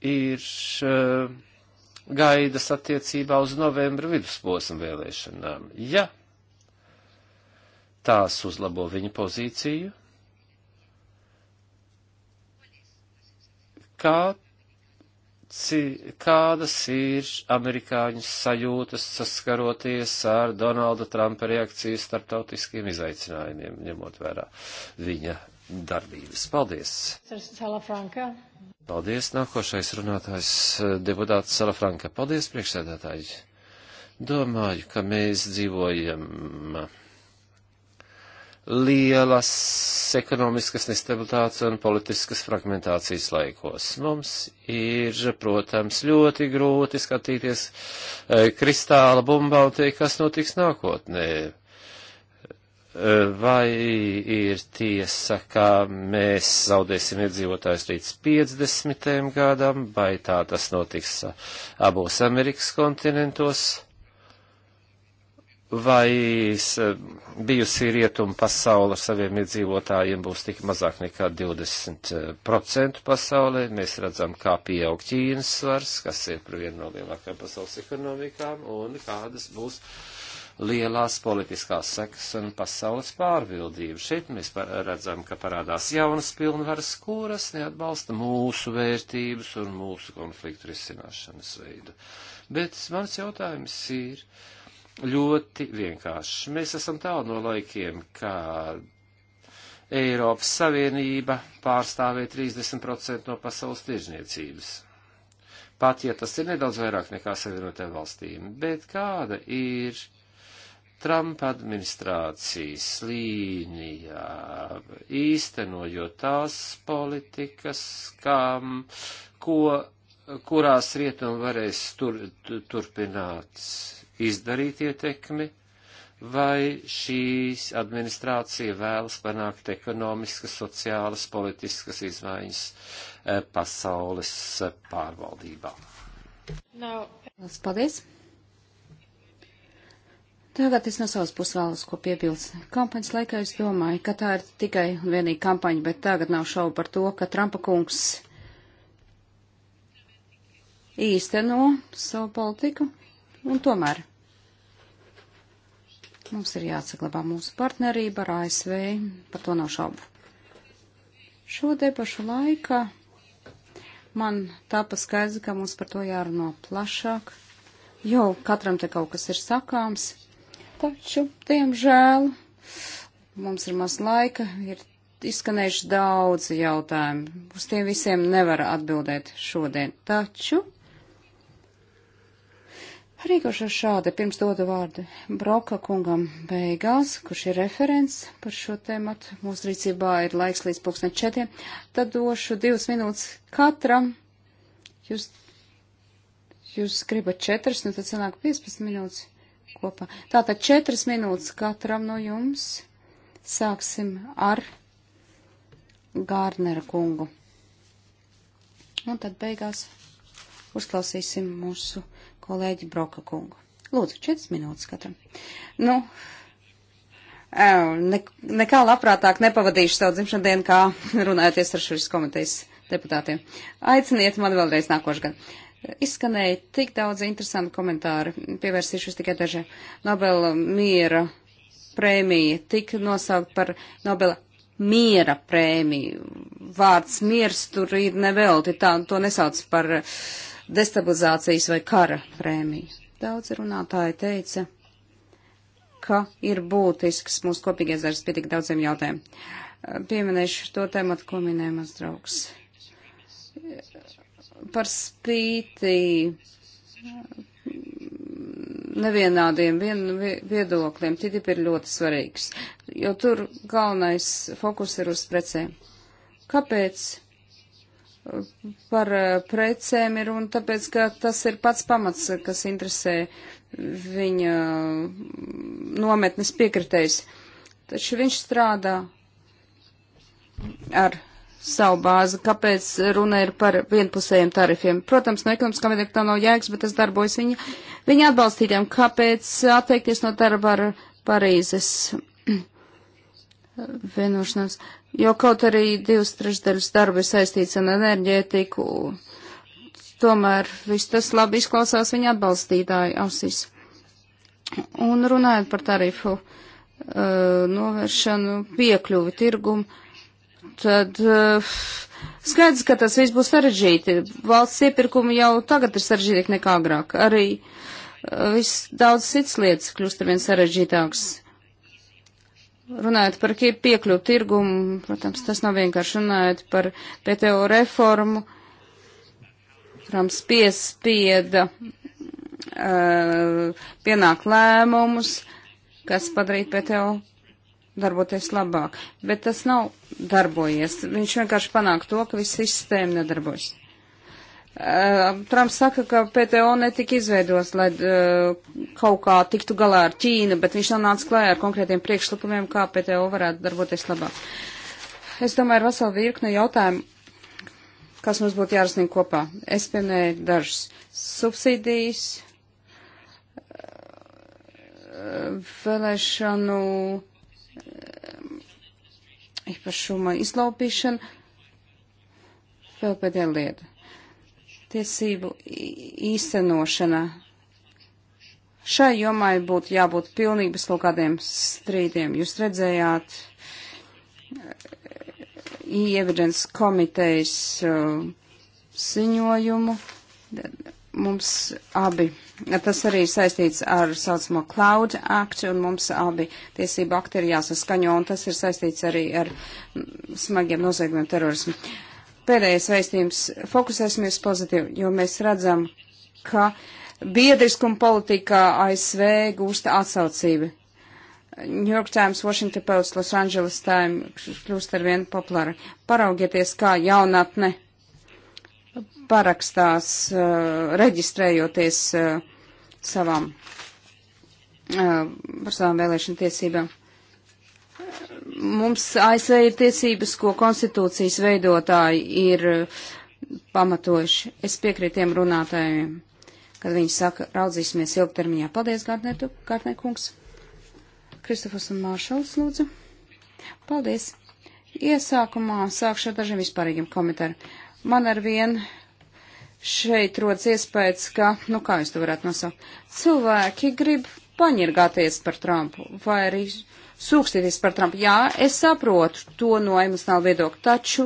Speaker 1: ir uh, gaidas attiecībā uz novembra vidusposmu vēlēšanām? Ja tās uzlabo viņa pozīciju. Kā, kādas ir amerikāņu sajūtas saskaroties ar Donalda Trumpa reakciju starptautiskiem izaicinājumiem, ņemot vērā viņa darbības. Paldies! Paldies, nākošais runātājs deputāts Salafranka. Paldies, priekšsēdētāji! Domāju, ka mēs dzīvojam lielas ekonomiskas nestabilitātes un politiskas fragmentācijas laikos. Mums ir, protams, ļoti grūti skatīties e, kristāla bumbā un teikt, kas notiks nākotnē. E, vai ir tiesa, ka mēs zaudēsim iedzīvotājus līdz 50. gadam, vai tā tas notiks abos Amerikas kontinentos? vai eh, bijusi rietuma pasaule saviem iedzīvotājiem būs tik mazāk nekā 20% eh, pasaulē. Mēs redzam, kā pieaug Ķīnas svars, kas ir par vienu no lielākajām pasaules ekonomikām, un kādas būs lielās politiskās sekas un pasaules pārvildība. Šeit mēs redzam, ka parādās jaunas pilnvaras, kuras neatbalsta mūsu vērtības un mūsu konfliktu risināšanas veidu. Bet mans jautājums ir, uh, ļoti vienkāršs. Mēs esam tālu no laikiem, kā Eiropas Savienība pārstāvē 30% no pasaules tirzniecības. Pat ja tas ir nedaudz vairāk nekā Savienotē valstīm, bet kāda ir Trumpa administrācijas līnijā, īstenojot tās politikas, kam, ko, kurās rietumi varēs tur, turpināt izdarīt ietekmi, vai šīs administrācija vēlas panākt ekonomiskas, sociālas, politiskas izmaiņas eh, pasaules eh, pārvaldībā.
Speaker 3: Nav. No. Paldies! Tagad es no savas puses vēlos ko piebilst. Kampaņas laikā es domāju, ka tā ir tikai un vienīgi kampaņa, bet tagad nav šaubu par to, ka Trumpa kungs īsteno savu politiku. Un tomēr mums ir jāsaglabā mūsu partnerība ar ASV, par to nav šaubu. Šo debašu laikā man tāpa skaidrs, ka mums par to jārunā plašāk. Jau katram te kaut kas ir sakāms, taču, diemžēl, mums ir maz laika, ir izskanējuši daudzi jautājumi. Uz tiem visiem nevar atbildēt šodien. Taču Rīkošu šādi, pirms dodu vārdu Broka kungam beigās, kurš ir referents par šo tēmatu. Mūsu rīcībā ir laiks līdz pulksten četriem. Tad došu divas minūtes katram. Jūs, jūs gribat četras, nu tad sanāk 15 minūtes kopā. Tātad četras minūtes katram no jums. Sāksim ar Gārnera kungu. Un tad beigās uzklausīsim mūsu kolēģi Broka kungu. Lūdzu, 4 minūtes katram. Nu, ne, nekā labprātāk nepavadīšu savu dzimšanu dienu, kā runājoties ar šīs komitejas deputātiem. Aiciniet mani vēlreiz nākošgad. Izskanēja tik daudz interesantu komentāru, pievērsīšos tikai dažiem. Nobela miera prēmija tika nosaukt par Nobela miera prēmiju. Vārds miers tur ir nevelti, tā to nesauc par uh, destabilizācijas vai kara prēmiju. Daudz runātāji teica, ka ir būtisks mūsu kopīgais darbs pie tik daudziem jautājumiem. Pieminēšu to tēmatu, ko minēja mans draugs. Par spīti nevienādiem vien, viedokļiem TTIP ir ļoti svarīgs, jo tur galvenais fokus ir uz precēm. Kāpēc par eh, precēm ir un tāpēc, ka tas ir pats pamats, kas interesē viņa mm, nometnes piekritējs. Taču viņš strādā ar savu bāzi, kāpēc runa ir par vienpusējiem tarifiem. Protams, no ekonomiskā viedokļa tā nav jēgas, bet tas darbojas viņa, viņa atbalstītiem. Kāpēc atteikties no darba ar Parīzes vienošanās? jo kaut arī divas trešdaļas darba ir saistīts ar enerģētiku, tomēr viss tas labi izklausās viņa atbalstītāju ausīs. Un runājot par tarifu uh, novēršanu, piekļuvi tirgumu, tad uh, skaidrs, ka tas viss būs sarežģīti. Valsts iepirkumi jau tagad ir sarežģītāk nekā agrāk. Arī uh, viss daudz cits lietas kļūst ar vien sarežģītāks. Runājot par piekļuvu tirgumu, protams, tas nav vienkārši runājot par PTO reformu, kurām piespieda uh, pienāk lēmumus, kas padarītu PTO darboties labāk. Bet tas nav darbojies. Viņš vienkārši panāk to, ka viss sistēma nedarbojas. Eh, Trumps saka, ka PTO netika izveidos, lai eh, kaut kā tiktu galā ar Ķīnu, bet viņš nav nācis klājā ar konkrētiem priekšlikumiem, kā PTO varētu darboties labāk. Es domāju, ir vesela virkne jautājumu, kas mums būtu jārasnīgi kopā. Es pieminēju dažas subsīdijas, eh, vēlēšanu īpašuma izlaupīšana, vēl pēdējā lieta tiesību īstenošana. Šai jomai būtu jābūt pilnīgi bez kaut kādiem strīdiem. Jūs redzējāt eh, e-evidence komitejas uh, ziņojumu. Mums abi, tas arī saistīts ar saucamo Cloud Act, un mums abi tiesību akti ir jāsaskaņo, un tas ir saistīts arī ar mm, smagiem noziegumiem terorismu. Uh, pēdējais veistījums fokusēsimies pozitīvi, jo mēs redzam, ka biedriskuma politikā ASV gūsta atsaucība. New York Times, Washington Post, Los Angeles Times kļūst ar vienu populāru. Paraugieties, kā jaunatne parakstās, uh, reģistrējoties uh, savām, uh, par savām vēlēšanu tiesībām. Mums ASV ir tiesības, ko konstitūcijas veidotāji ir eh, pamatojuši. Es piekrītu tiem runātājiem, kad viņi saka, raudzīsimies ilgtermiņā. Paldies, Gārtnetu, Gārtnekungs. Kristofers un Māršals, lūdzu. Paldies. Iesākumā sākšu ar dažiem vispārīgiem komentāriem. Man ar vienu šeit rodas iespējas, ka, nu kā jūs to varētu nosaukt, cilvēki grib paņirgāties par Trumpu vai arī sūkstīties par Trumpu. Jā, es saprotu to no emocionāla viedokļa, taču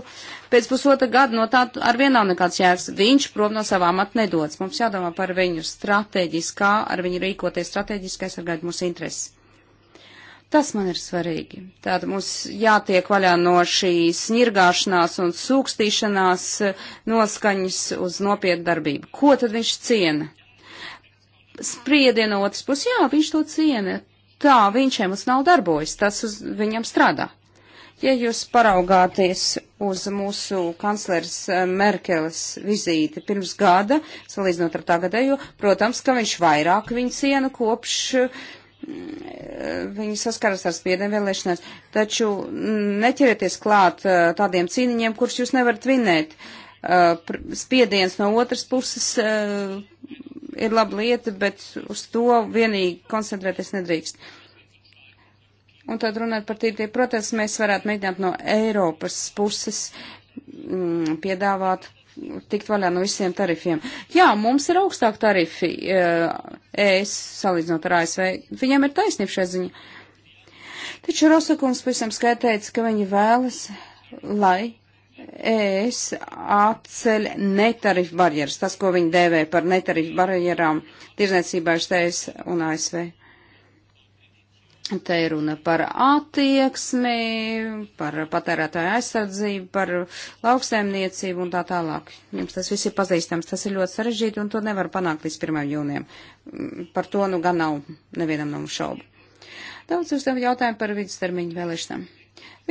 Speaker 3: pēc pusotra gada no tā ar vienu nav nekāds jēgas. Viņš prom no savām at nedodas. Mums jādomā par viņu strateģiskā, ar viņu rīkoties strateģiski, aizsargāt mūsu intereses. Tas man ir svarīgi. Tātad mums jātiek vaļā no šīs nirgāšanās un sūkstīšanās noskaņas uz nopietnu darbību. Ko tad viņš ciena? spriedienu otrs puses, jā, viņš to ciena. Tā viņš mums nav darbojas, tas uz viņam strādā. Ja jūs paraugāties uz mūsu kanclers eh, Merkeles vizīti pirms gada, salīdzinot ar tagadējo, protams, ka viņš vairāk viņu ciena kopš mm, eh, viņi saskaras ar spiedienu vēlēšanās, taču mm, neķerieties klāt eh, tādiem cīniņiem, kurus jūs nevarat vinēt. Spiediens no otras puses ir laba lieta, bet uz to vienīgi koncentrēties nedrīkst. Un tad runāt par tīri tie protesti, mēs varētu mēģināt no Eiropas puses mm, piedāvāt tikt vaļā no visiem tarifiem. Jā, mums ir augstāk tarifi, es eh, e salīdzinot ar ASV, viņiem ir taisnība šai ziņā. Taču Rosakums pavisam skaitēts, ka viņi vēlas, lai es atceļ netarifu barjeras, tas, ko viņi dēvē par netarifu barjerām tirzniecībā štēs un ASV. Te ir runa par attieksmi, par patērētāju aizsardzību, par lauksaimniecību un tā tālāk. Jums tas viss ir pazīstams, tas ir ļoti sarežģīti un to nevar panākt līdz 1. jūnijam. Mm, par to nu gan nav nevienam nav šaubu. Daudz uzdev jautājumu par vidustermiņu vēlēšanām.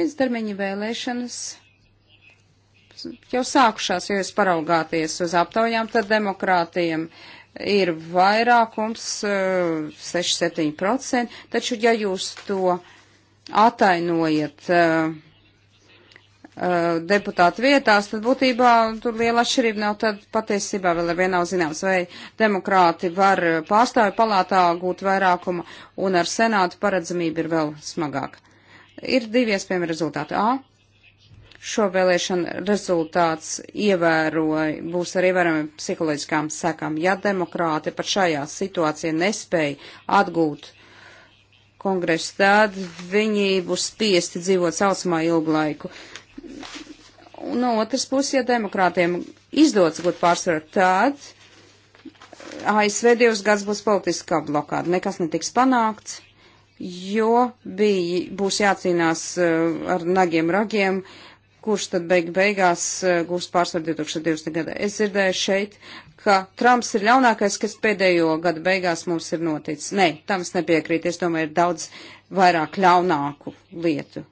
Speaker 3: Vidustermiņu vēlēšanas jau sākušās, jo es paraugāties uz aptaujām, tad demokrātiem ir vairākums, 6-7%, eh, taču ja jūs to atainojat eh, eh, deputātu vietās, tad būtībā tur liela atšķirība nav, tad patiesībā vēl ar vienā zināms, vai demokrāti var pārstāvju palātā gūt vairākumu, un ar senātu paredzamība ir vēl smagāka. Ir divi iespējami rezultāti. A šo vēlēšanu rezultāts ievēroja, būs ar ievērojami psiholoģiskām sekām. Ja demokrāti pat šajā situācijā nespēja atgūt kongresu, tad viņi būs spiesti dzīvot saucamā ilgu laiku. Un no otras puses, ja demokrātiem izdodas gūt pārsvaru, tad ASV divas gads būs politiskā blokāda. Nekas netiks panākts, jo bija, būs jācīnās eh, ar nagiem ragiem. Uh, kurš tad beig beigās eh, gūs pārsvaru 2020. gadā. Es dzirdēju šeit, ka Trumps ir ļaunākais, kas pēdējo gadu beigās mums ir noticis. Nē, tam es nepiekrītu. Es domāju, ir daudz vairāk ļaunāku lietu.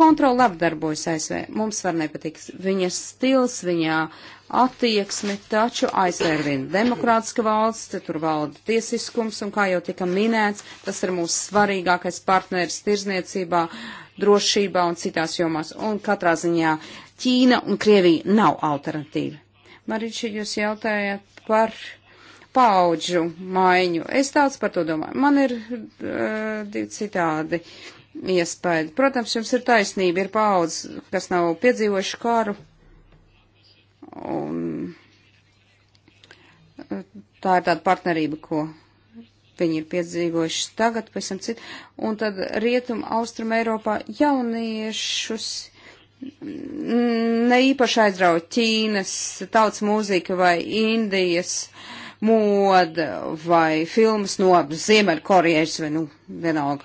Speaker 3: Kontrola labi darbojas ASV. Mums var nepatiks viņa stils, viņa attieksme, taču ASV ir viena demokrātiska valsts, tur valda tiesiskums, un kā jau tika minēts, tas ir mūsu svarīgākais partneris tirzniecībā. Uh, drošībā un citās jomās. Un katrā ziņā Ķīna un Krievija nav alternatīva. Mariči, jūs jautājat par paudžu maiņu. Es tāds par to domāju. Man ir uh, divi citādi iespēja. Protams, jums ir taisnība, ir paudz, kas nav piedzīvojuši karu. Un eh, tā ir tāda partnerība, ko viņi ir piedzīvojuši tagad, pavisam citu, un tad rietum austrum Eiropā jauniešus ne īpaši aizrauja Ķīnas tautas mūzika vai Indijas moda vai filmas no Ziemeļkorejas vai nu vienalga.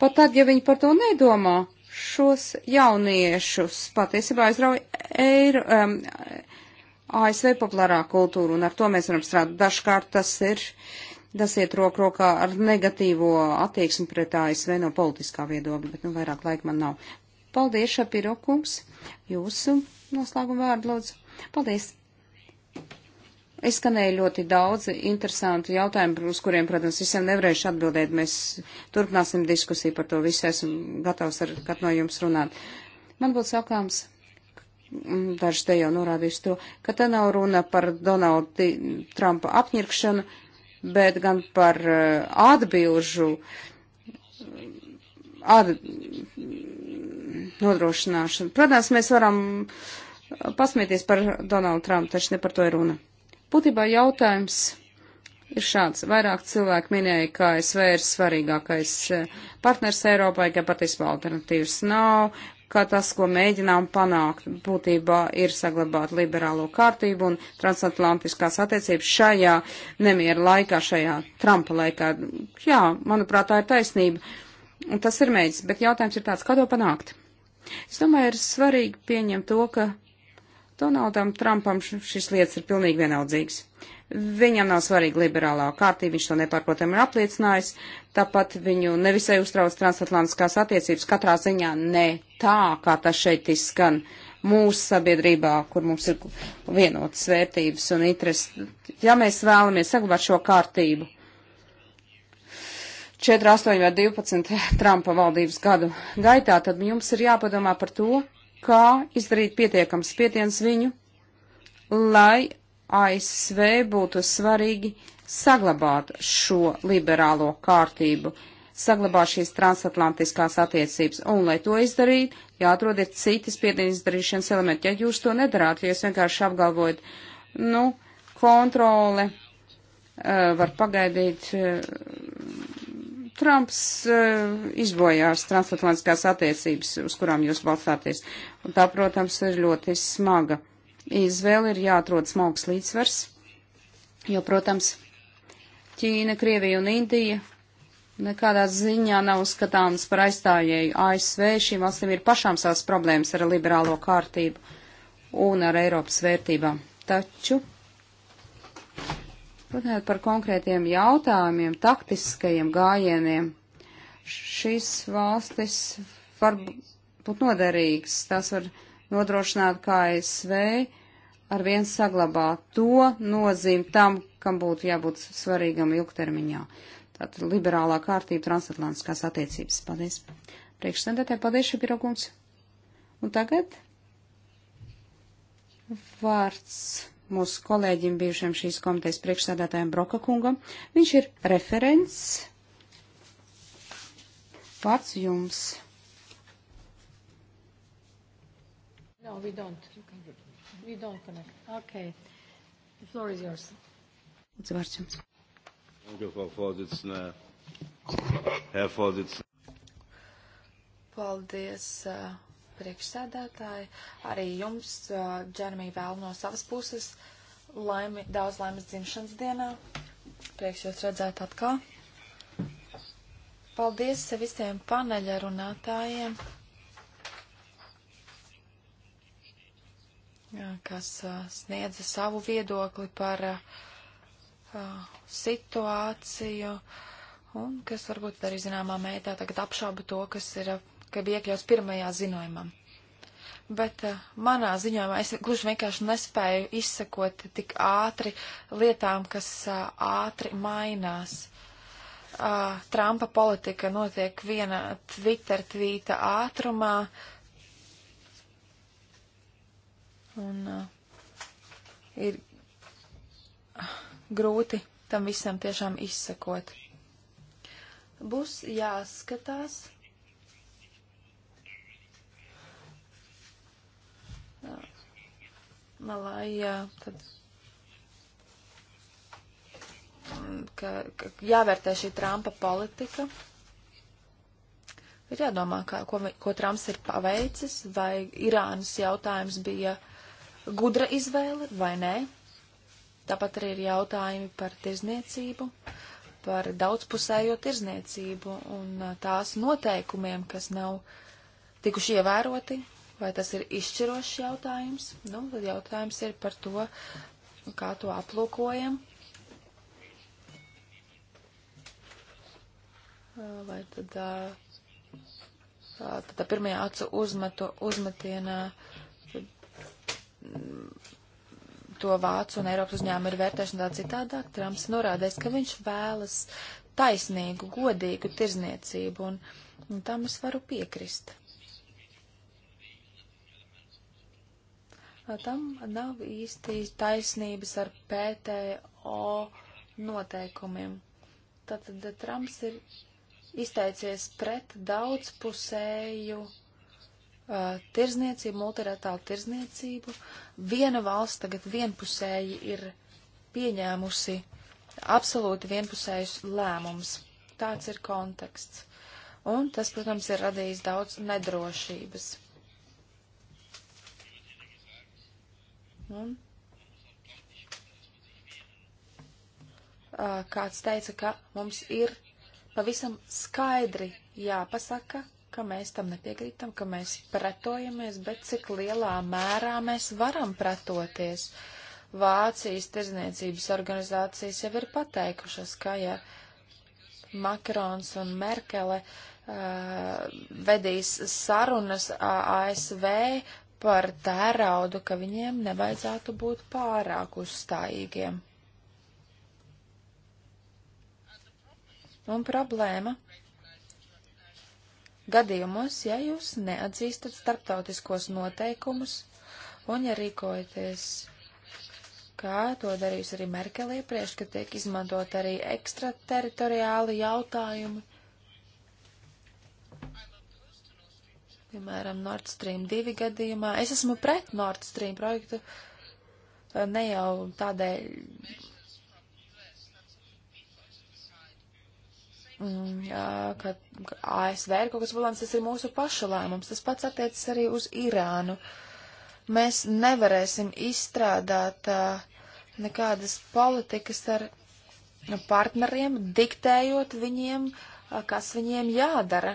Speaker 3: Pat tad, ja viņi par to nedomā, šos jauniešus patiesībā aizrauja eiro, um, ASV populārā kultūra, un ar to mēs varam strādāt. Dažkārt tas ir, tas iet roku rokā ar negatīvo attieksmi pret ASV no politiskā viedokļa, bet nu vairāk laika man nav. Paldies, Šapiro kungs, jūsu noslēguma vārdu lūdzu. Paldies! Izskanēja ļoti daudz interesantu jautājumu, uz kuriem, protams, visiem nevarēšu atbildēt. Mēs turpināsim diskusiju par to visu. Esmu gatavs ar katru no jums runāt. Man būtu sakāms daži te jau norādījuši to, ka te nav runa par Donaldu Trumpa apņirkšanu, bet gan par uh, atbilžu uh, at, nodrošināšanu. Protams, mēs varam uh, pasmieties par Donaldu Trumpu, taču ne par to ir runa. Būtībā jautājums ir šāds. Vairāk cilvēki minēja, ka ASV ir svarīgākais partners Eiropai, ka patiesībā alternatīvas nav, ka tas, ko mēģinām panākt, būtībā ir saglabāt liberālo kārtību un transatlantiskās attiecības šajā nemiera laikā, šajā Trumpa laikā. Jā, manuprāt, tā ir taisnība. Un tas ir mēģis, bet jautājums ir tāds, kā to panākt? Es domāju, ir svarīgi pieņemt to, ka Donaldam Trumpam šis lietas ir pilnīgi vienaldzīgs. Viņam nav svarīga liberālā kārtība, viņš to nepārprotam ir apliecinājis, tāpat viņu nevisai uztrauc transatlantiskās attiecības katrā ziņā ne tā, kā tas šeit izskan mūsu sabiedrībā, kur mums ir vienotas vērtības un intereses. Ja mēs vēlamies saglabāt šo kārtību, 4, 8 vai 12 Trumpa valdības gadu gaitā, tad jums ir jāpadomā par to, kā izdarīt pietiekams spiediens viņu, lai ASV būtu svarīgi saglabāt šo liberālo kārtību, saglabāt šīs transatlantiskās attiecības, un, lai to izdarītu, jāatrodiet citi spiedienu izdarīšanas elementi. Ja jūs to nedarāt, ja jūs vienkārši apgalvojat, nu, kontrole uh, var pagaidīt. Uh, Trumps uh, izbojās transatlantiskās attiecības, uz kurām jūs balstāties. Un tā, protams, ir ļoti smaga izvēle ir jāatrod smalks līdzsvars, jo, protams, Ķīna, Krievija un Indija nekādā ziņā nav uzskatāmas par aizstājēju ASV. Šīm valstīm ir pašām savas problēmas ar liberālo kārtību un ar Eiropas vērtībām. Taču, runājot par konkrētiem jautājumiem, taktiskajiem gājieniem, šīs valstis var būt noderīgas. Tās var nodrošinātu, kā ASV ar vien saglabā to nozīmi tam, kam būtu jābūt svarīgam ilgtermiņā. Tātad liberālā kārtība transatlantiskās attiecības. Paldies. Priekšsēdētāji, paldies, Šupirokums. Un tagad vārds mūsu kolēģim, bijušiem šīs komitejas priekšsēdētājiem Broka kungam. Viņš ir referents. Vārds jums.
Speaker 2: No, we don't. We don't connect. Okay. The floor is yours.
Speaker 3: Lūdzu, vārds jums.
Speaker 2: Paldies, uh, priekšsēdētāji. Arī jums, Džermī, uh, vēl no savas puses laimi, daudz laimes dzimšanas dienā. Prieks jūs redzēt atkal. Paldies visiem paneļa runātājiem. kas sniedza savu viedokli par situāciju un kas varbūt arī zināmā mērā tagad apšauba to, kas ir, ka bija iekļauts pirmajā ziņojumā. Bet manā ziņojumā es gluži vienkārši nespēju izsekot tik ātri lietām, kas ātri mainās. Trumpa politika notiek viena Twitter tvīta ātrumā, uh, Un uh, ir grūti tam visam tiešām izsekot. Būs jāskatās. Uh, lai uh, tad, mm, ka, ka jāvērtē šī Trumpa politika. Ir jādomā, kā, ko, ko Trumps ir paveicis, vai Irānas jautājums bija uh, gudra izvēle vai nē. Tāpat arī ir jautājumi par tirzniecību, par daudzpusējo tirzniecību un uh, tās noteikumiem, kas nav tikuši ievēroti, vai tas ir izšķirošs jautājums. Nu, tad jautājums ir par to, kā to aplūkojam. Uh, vai tad, uh, tad pirmajā acu uzmetu, uzmetienā uh, to Vācu un Eiropas uzņēmumu ir vērtēšana tā citādāk, Trumps norādēs, ka viņš vēlas taisnīgu, godīgu tirzniecību, un, un tam es varu piekrist. Tam nav īsti taisnības ar PTO noteikumiem. Tātad Trumps ir izteicies pret daudzpusēju uh, uh, tirzniecību, multilaterālu tirzniecību. Viena valsts tagad vienpusēji ir pieņēmusi absolūti vienpusējus lēmumus. Tāds ir konteksts. Un tas, protams, ir radījis daudz nedrošības. Un, uh, kāds teica, ka mums ir pavisam skaidri jāpasaka, ka mēs tam nepiekrītam, ka mēs pretojamies, bet cik lielā mērā mēs varam pretoties. Vācijas tirzniecības organizācijas jau ir pateikušas, ka ja Makrons un Merkele uh, vedīs sarunas ASV par tēraudu, ka viņiem nevajadzētu būt pārāk uzstājīgiem. Un problēma gadījumos, ja jūs neatzīstat starptautiskos noteikumus un ja rīkojaties, kā to darījusi arī Merkel iepriekš, ka tiek izmantot arī ekstrateritoriāli jautājumi. Piemēram, Nord Stream 2 gadījumā. Es esmu pret Nord Stream projektu ne jau tādēļ, Mm, ka ASV ir kaut kas problēmas, tas ir mūsu paša lēmums. Tas pats attiecas arī uz Irānu. Mēs nevarēsim izstrādāt nekādas politikas ar partneriem, diktējot viņiem, kas viņiem jādara.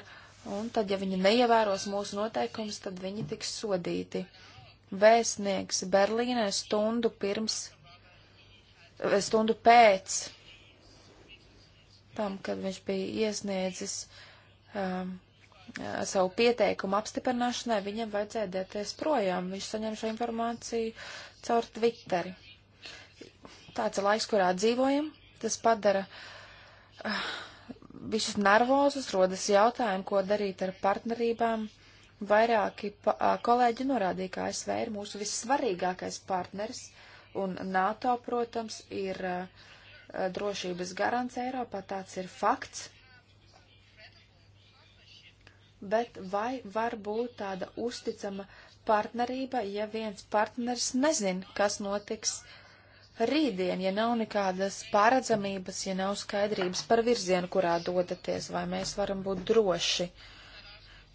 Speaker 2: Un tad, ja viņi neievēros mūsu noteikumus, tad viņi tiks sodīti. Vēstnieks Berlīnē stundu pirms, stundu pēc etapam, kad viņš bija iesniedzis um, uh, savu pieteikumu apstiprināšanai, viņam vajadzēja doties projām. Viņš saņem šo informāciju caur Twitteri. Tāds ir laiks, kurā dzīvojam. Tas padara uh, visus nervozus, rodas jautājumi, ko darīt ar partnerībām. Vairāki pa, uh, kolēģi norādīja, ka ASV ir mūsu vissvarīgākais partners, un NATO, protams, ir uh, Eh, drošības garants Eiropā, tāds ir fakts. Bet vai var būt tāda uzticama partnerība, ja viens partners nezin, kas notiks rītdien, ja nav nekādas pāredzamības, ja nav skaidrības par virzienu, kurā dodaties, vai mēs varam būt droši,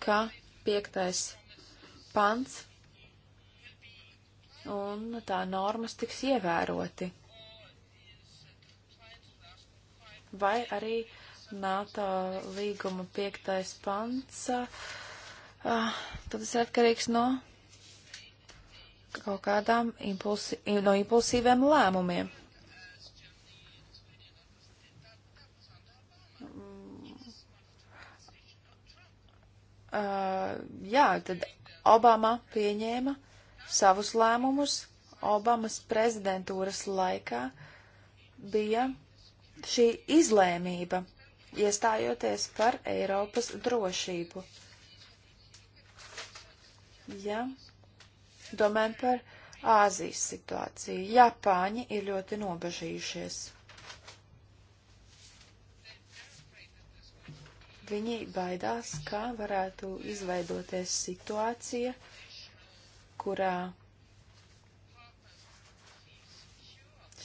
Speaker 2: ka piektais pants un tā normas tiks ievēroti? vai arī NATO līguma piektais pants. Uh, tad tas ir atkarīgs no kaut kādām impulsi, no impulsīviem lēmumiem. Uh, jā, tad Obama pieņēma savus lēmumus Obamas prezidentūras laikā bija šī izlēmība, iestājoties par Eiropas drošību. Ja domājam par Āzijas situāciju, Japāņi ir ļoti nobežījušies. Viņi baidās, kā varētu izveidoties situācija, kurā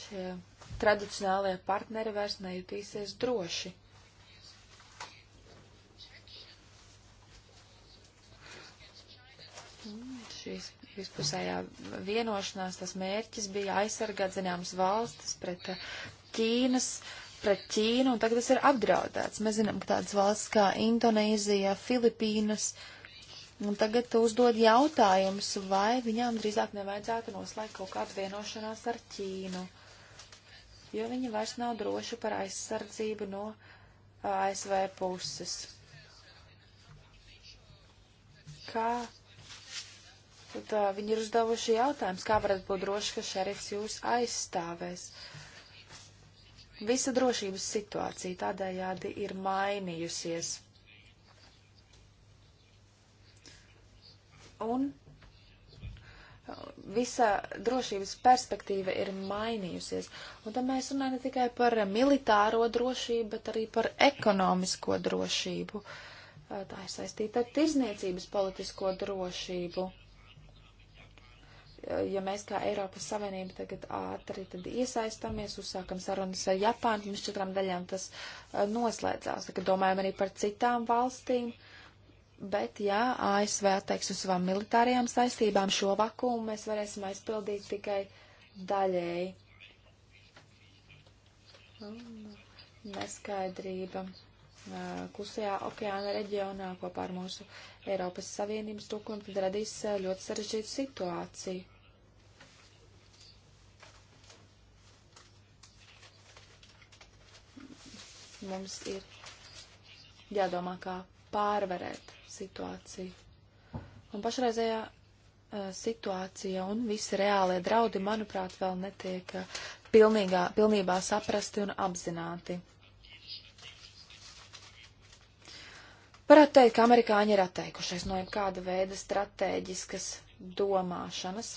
Speaker 2: šie tradicionālajie partneri vairs nejutīsies droši. Šīs vispusējā vienošanās tas mērķis bija aizsargāt zināmas valstis pret eh, Ķīnas, pret Ķīnu, un tagad tas ir apdraudēts. Mēs zinām, ka tādas valsts kā Indonēzija, Filipīnas, un tagad uzdod jautājumus, vai viņām drīzāk nevajadzētu noslēgt kaut kādu vienošanās ar Ķīnu jo viņi vairs nav droši par aizsardzību no ASV puses. Kā tad, uh, viņi ir uzdevuši jautājums, kā varat būt droši, ka šerifs jūs aizstāvēs? Visa drošības situācija tādējādi ir mainījusies. Un visa drošības perspektīva ir mainījusies. Un tad mēs runājam ne tikai par militāro drošību, bet arī par ekonomisko drošību. Tā ir saistīta ar tirzniecības politisko drošību. Ja mēs kā Eiropas Savienība tagad ātri tad iesaistamies, uzsākam sarunas ar Japānu, pirms četrām daļām tas noslēdzās. Tagad domājam arī par citām valstīm. Uh, Bet, ja ASV atteiks uz savām militārajām saistībām, šo vakumu mēs varēsim aizpildīt tikai daļēji. Neskaidrība klusajā okeāna reģionā kopā ar mūsu Eiropas Savienības tūkumu tad radīs ļoti sarežģītu situāciju. Mums ir jādomā, kā pārvarēt situāciju. Un pašreizējā eh, situācija un visi reālie draudi, manuprāt, vēl netiek eh, pilnīgā, pilnībā saprasti un apzināti. Varētu teikt, ka amerikāņi ir atteikušies no jebkāda veida stratēģiskas domāšanas.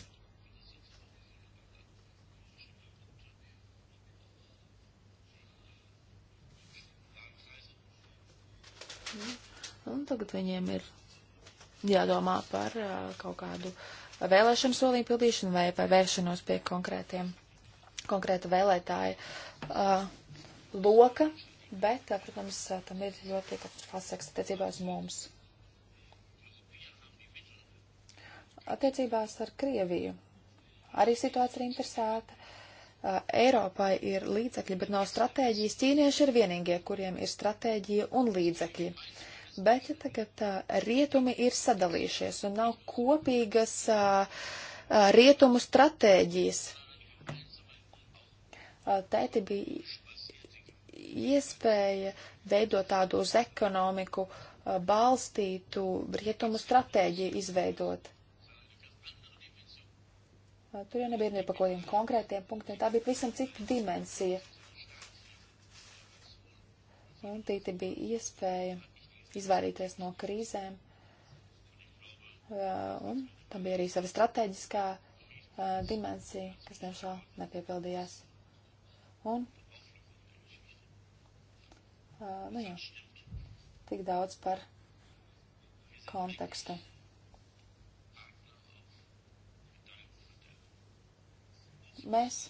Speaker 2: Un tagad viņiem ir jādomā par uh, kaut kādu vēlēšanu solījumu pildīšanu vai, vai vēršanos pie konkrētiem, konkrēta vēlētāja uh, loka, bet, uh, protams, uh, tam ir ļoti pasaks attiecībā uz mums. Attiecībās ar Krieviju arī situācija ir interesēta. Uh, Eiropai ir līdzekļi, bet nav stratēģijas. Ķīnieši ir vienīgie, kuriem ir stratēģija un līdzekļi. Uh, bet tagad rietumi ir sadalījušies un nav kopīgas rietumu stratēģijas. Tēti bija iespēja veidot tādu uz ekonomiku balstītu rietumu stratēģiju izveidot. Tur jau nebija ne par kaut kādiem konkrētiem punktiem, tā bija pavisam cita dimensija. Un tīti bija iespēja izvairīties no krīzēm. Eh, un tam bija arī sava strateģiskā eh, dimensija, kas diemžēl nepiepildījās. Un, eh, nu jā, tik daudz par kontekstu. Mēs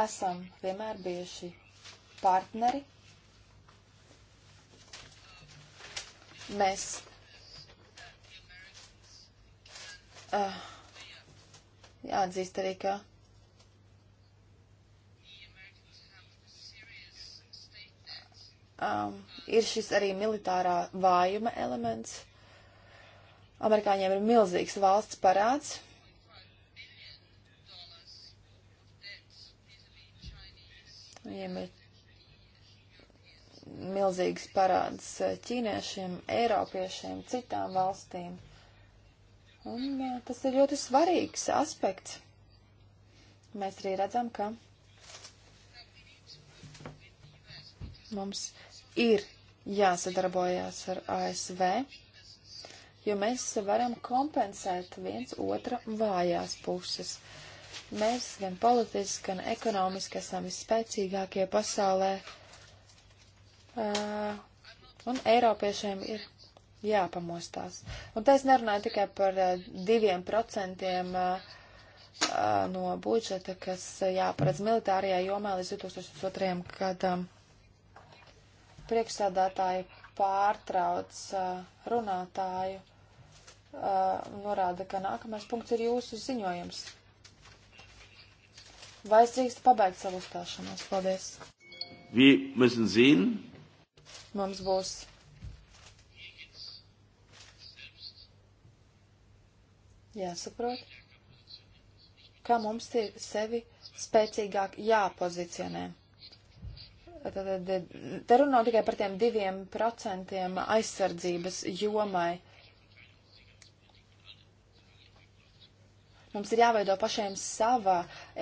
Speaker 2: esam vienmēr bijuši partneri Mēs uh, jāatzīst arī, ka um, ir šis arī militārā vājuma elements. Amerikāņiem ir milzīgs valsts parāds. Viņiem ir milzīgas parādas eh, ķīniešiem, eiropiešiem, citām valstīm. Un jā, tas ir ļoti svarīgs aspekts. Mēs arī redzam, ka mums ir jāsadarbojās ar ASV, jo mēs varam kompensēt viens otra vājās puses. Mēs gan politiski, gan ekonomiski esam visspēcīgākie pasaulē. Uh, un Eiropiešiem ir jāpamostās. Un te es nerunāju tikai par uh, diviem procentiem uh, no budžeta, kas jāparedz militārajā jomā līdz 2002. gadam. Priekšsādātāji pārtrauc runātāju, norāda, ka nākamais punkts ir jūsu ziņojums. Vai es drīkstu pabeigt savu uzstāšanos? Paldies!
Speaker 3: Wir müssen sehen,
Speaker 2: Mums būs jāsaprot, kā mums ir sevi spēcīgāk jāpozicionē. Tad, te runā tikai par tiem diviem procentiem aizsardzības jomai. Mums ir jāveido pašiem sava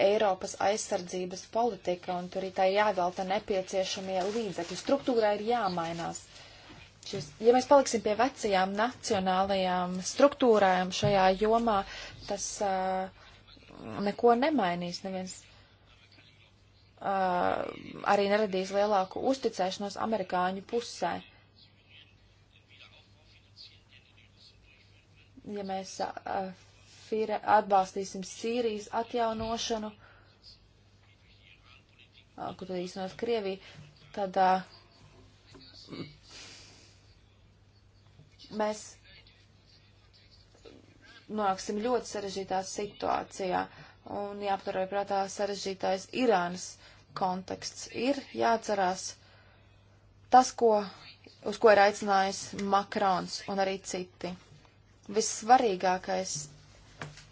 Speaker 2: Eiropas aizsardzības politika, un tur ir tā jāvelta nepieciešamie līdzekļi. Struktūrā ir jāmainās. Šis, ja mēs paliksim pie vecajām nacionālajām struktūrām šajā jomā, tas uh, neko nemainīs. Neviens uh, arī neradīs lielāku uzticēšanos amerikāņu pusē. Ja mēs uh, Fīre, atbalstīsim Sīrijas atjaunošanu, kur tad īstenot Krieviju, tad mēs nonāksim ļoti sarežģītā situācijā un jāpaturē prātā sarežģītais Irānas konteksts. Ir jāatcerās tas, ko, uz ko ir aicinājis Makrons un arī citi. Vissvarīgākais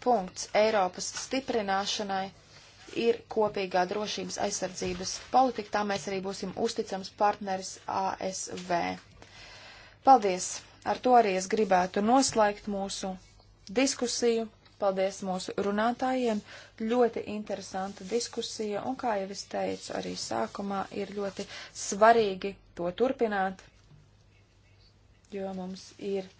Speaker 2: punkts Eiropas stiprināšanai ir kopīgā drošības aizsardzības politika, tā mēs arī būsim uzticams partneris ASV. Paldies! Ar to arī es gribētu noslēgt mūsu diskusiju. Paldies mūsu runātājiem. Ļoti interesanta diskusija, un kā jau es teicu, arī sākumā ir ļoti svarīgi to turpināt, jo mums ir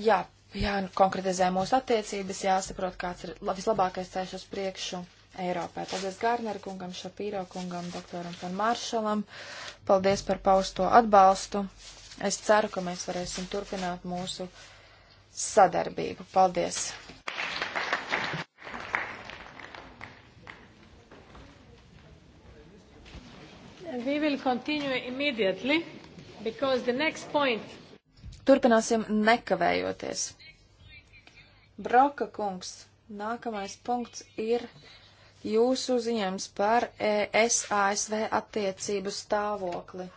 Speaker 2: jā, jākonkretizē nu, mūsu attiecības, jāsaprot, kāds ir vislabākais ceļš uz priekšu Eiropā. Paldies Gārneru kungam, Šapīro kungam, doktoram Pan Maršalam. Paldies par pausto atbalstu. Es ceru, ka mēs varēsim turpināt mūsu sadarbību. Paldies!
Speaker 3: We will continue immediately because the next point.
Speaker 2: Turpināsim nekavējoties.
Speaker 3: Broka kungs,
Speaker 2: nākamais punkts ir jūsu ziņojums par ES-ASV attiecību stāvokli.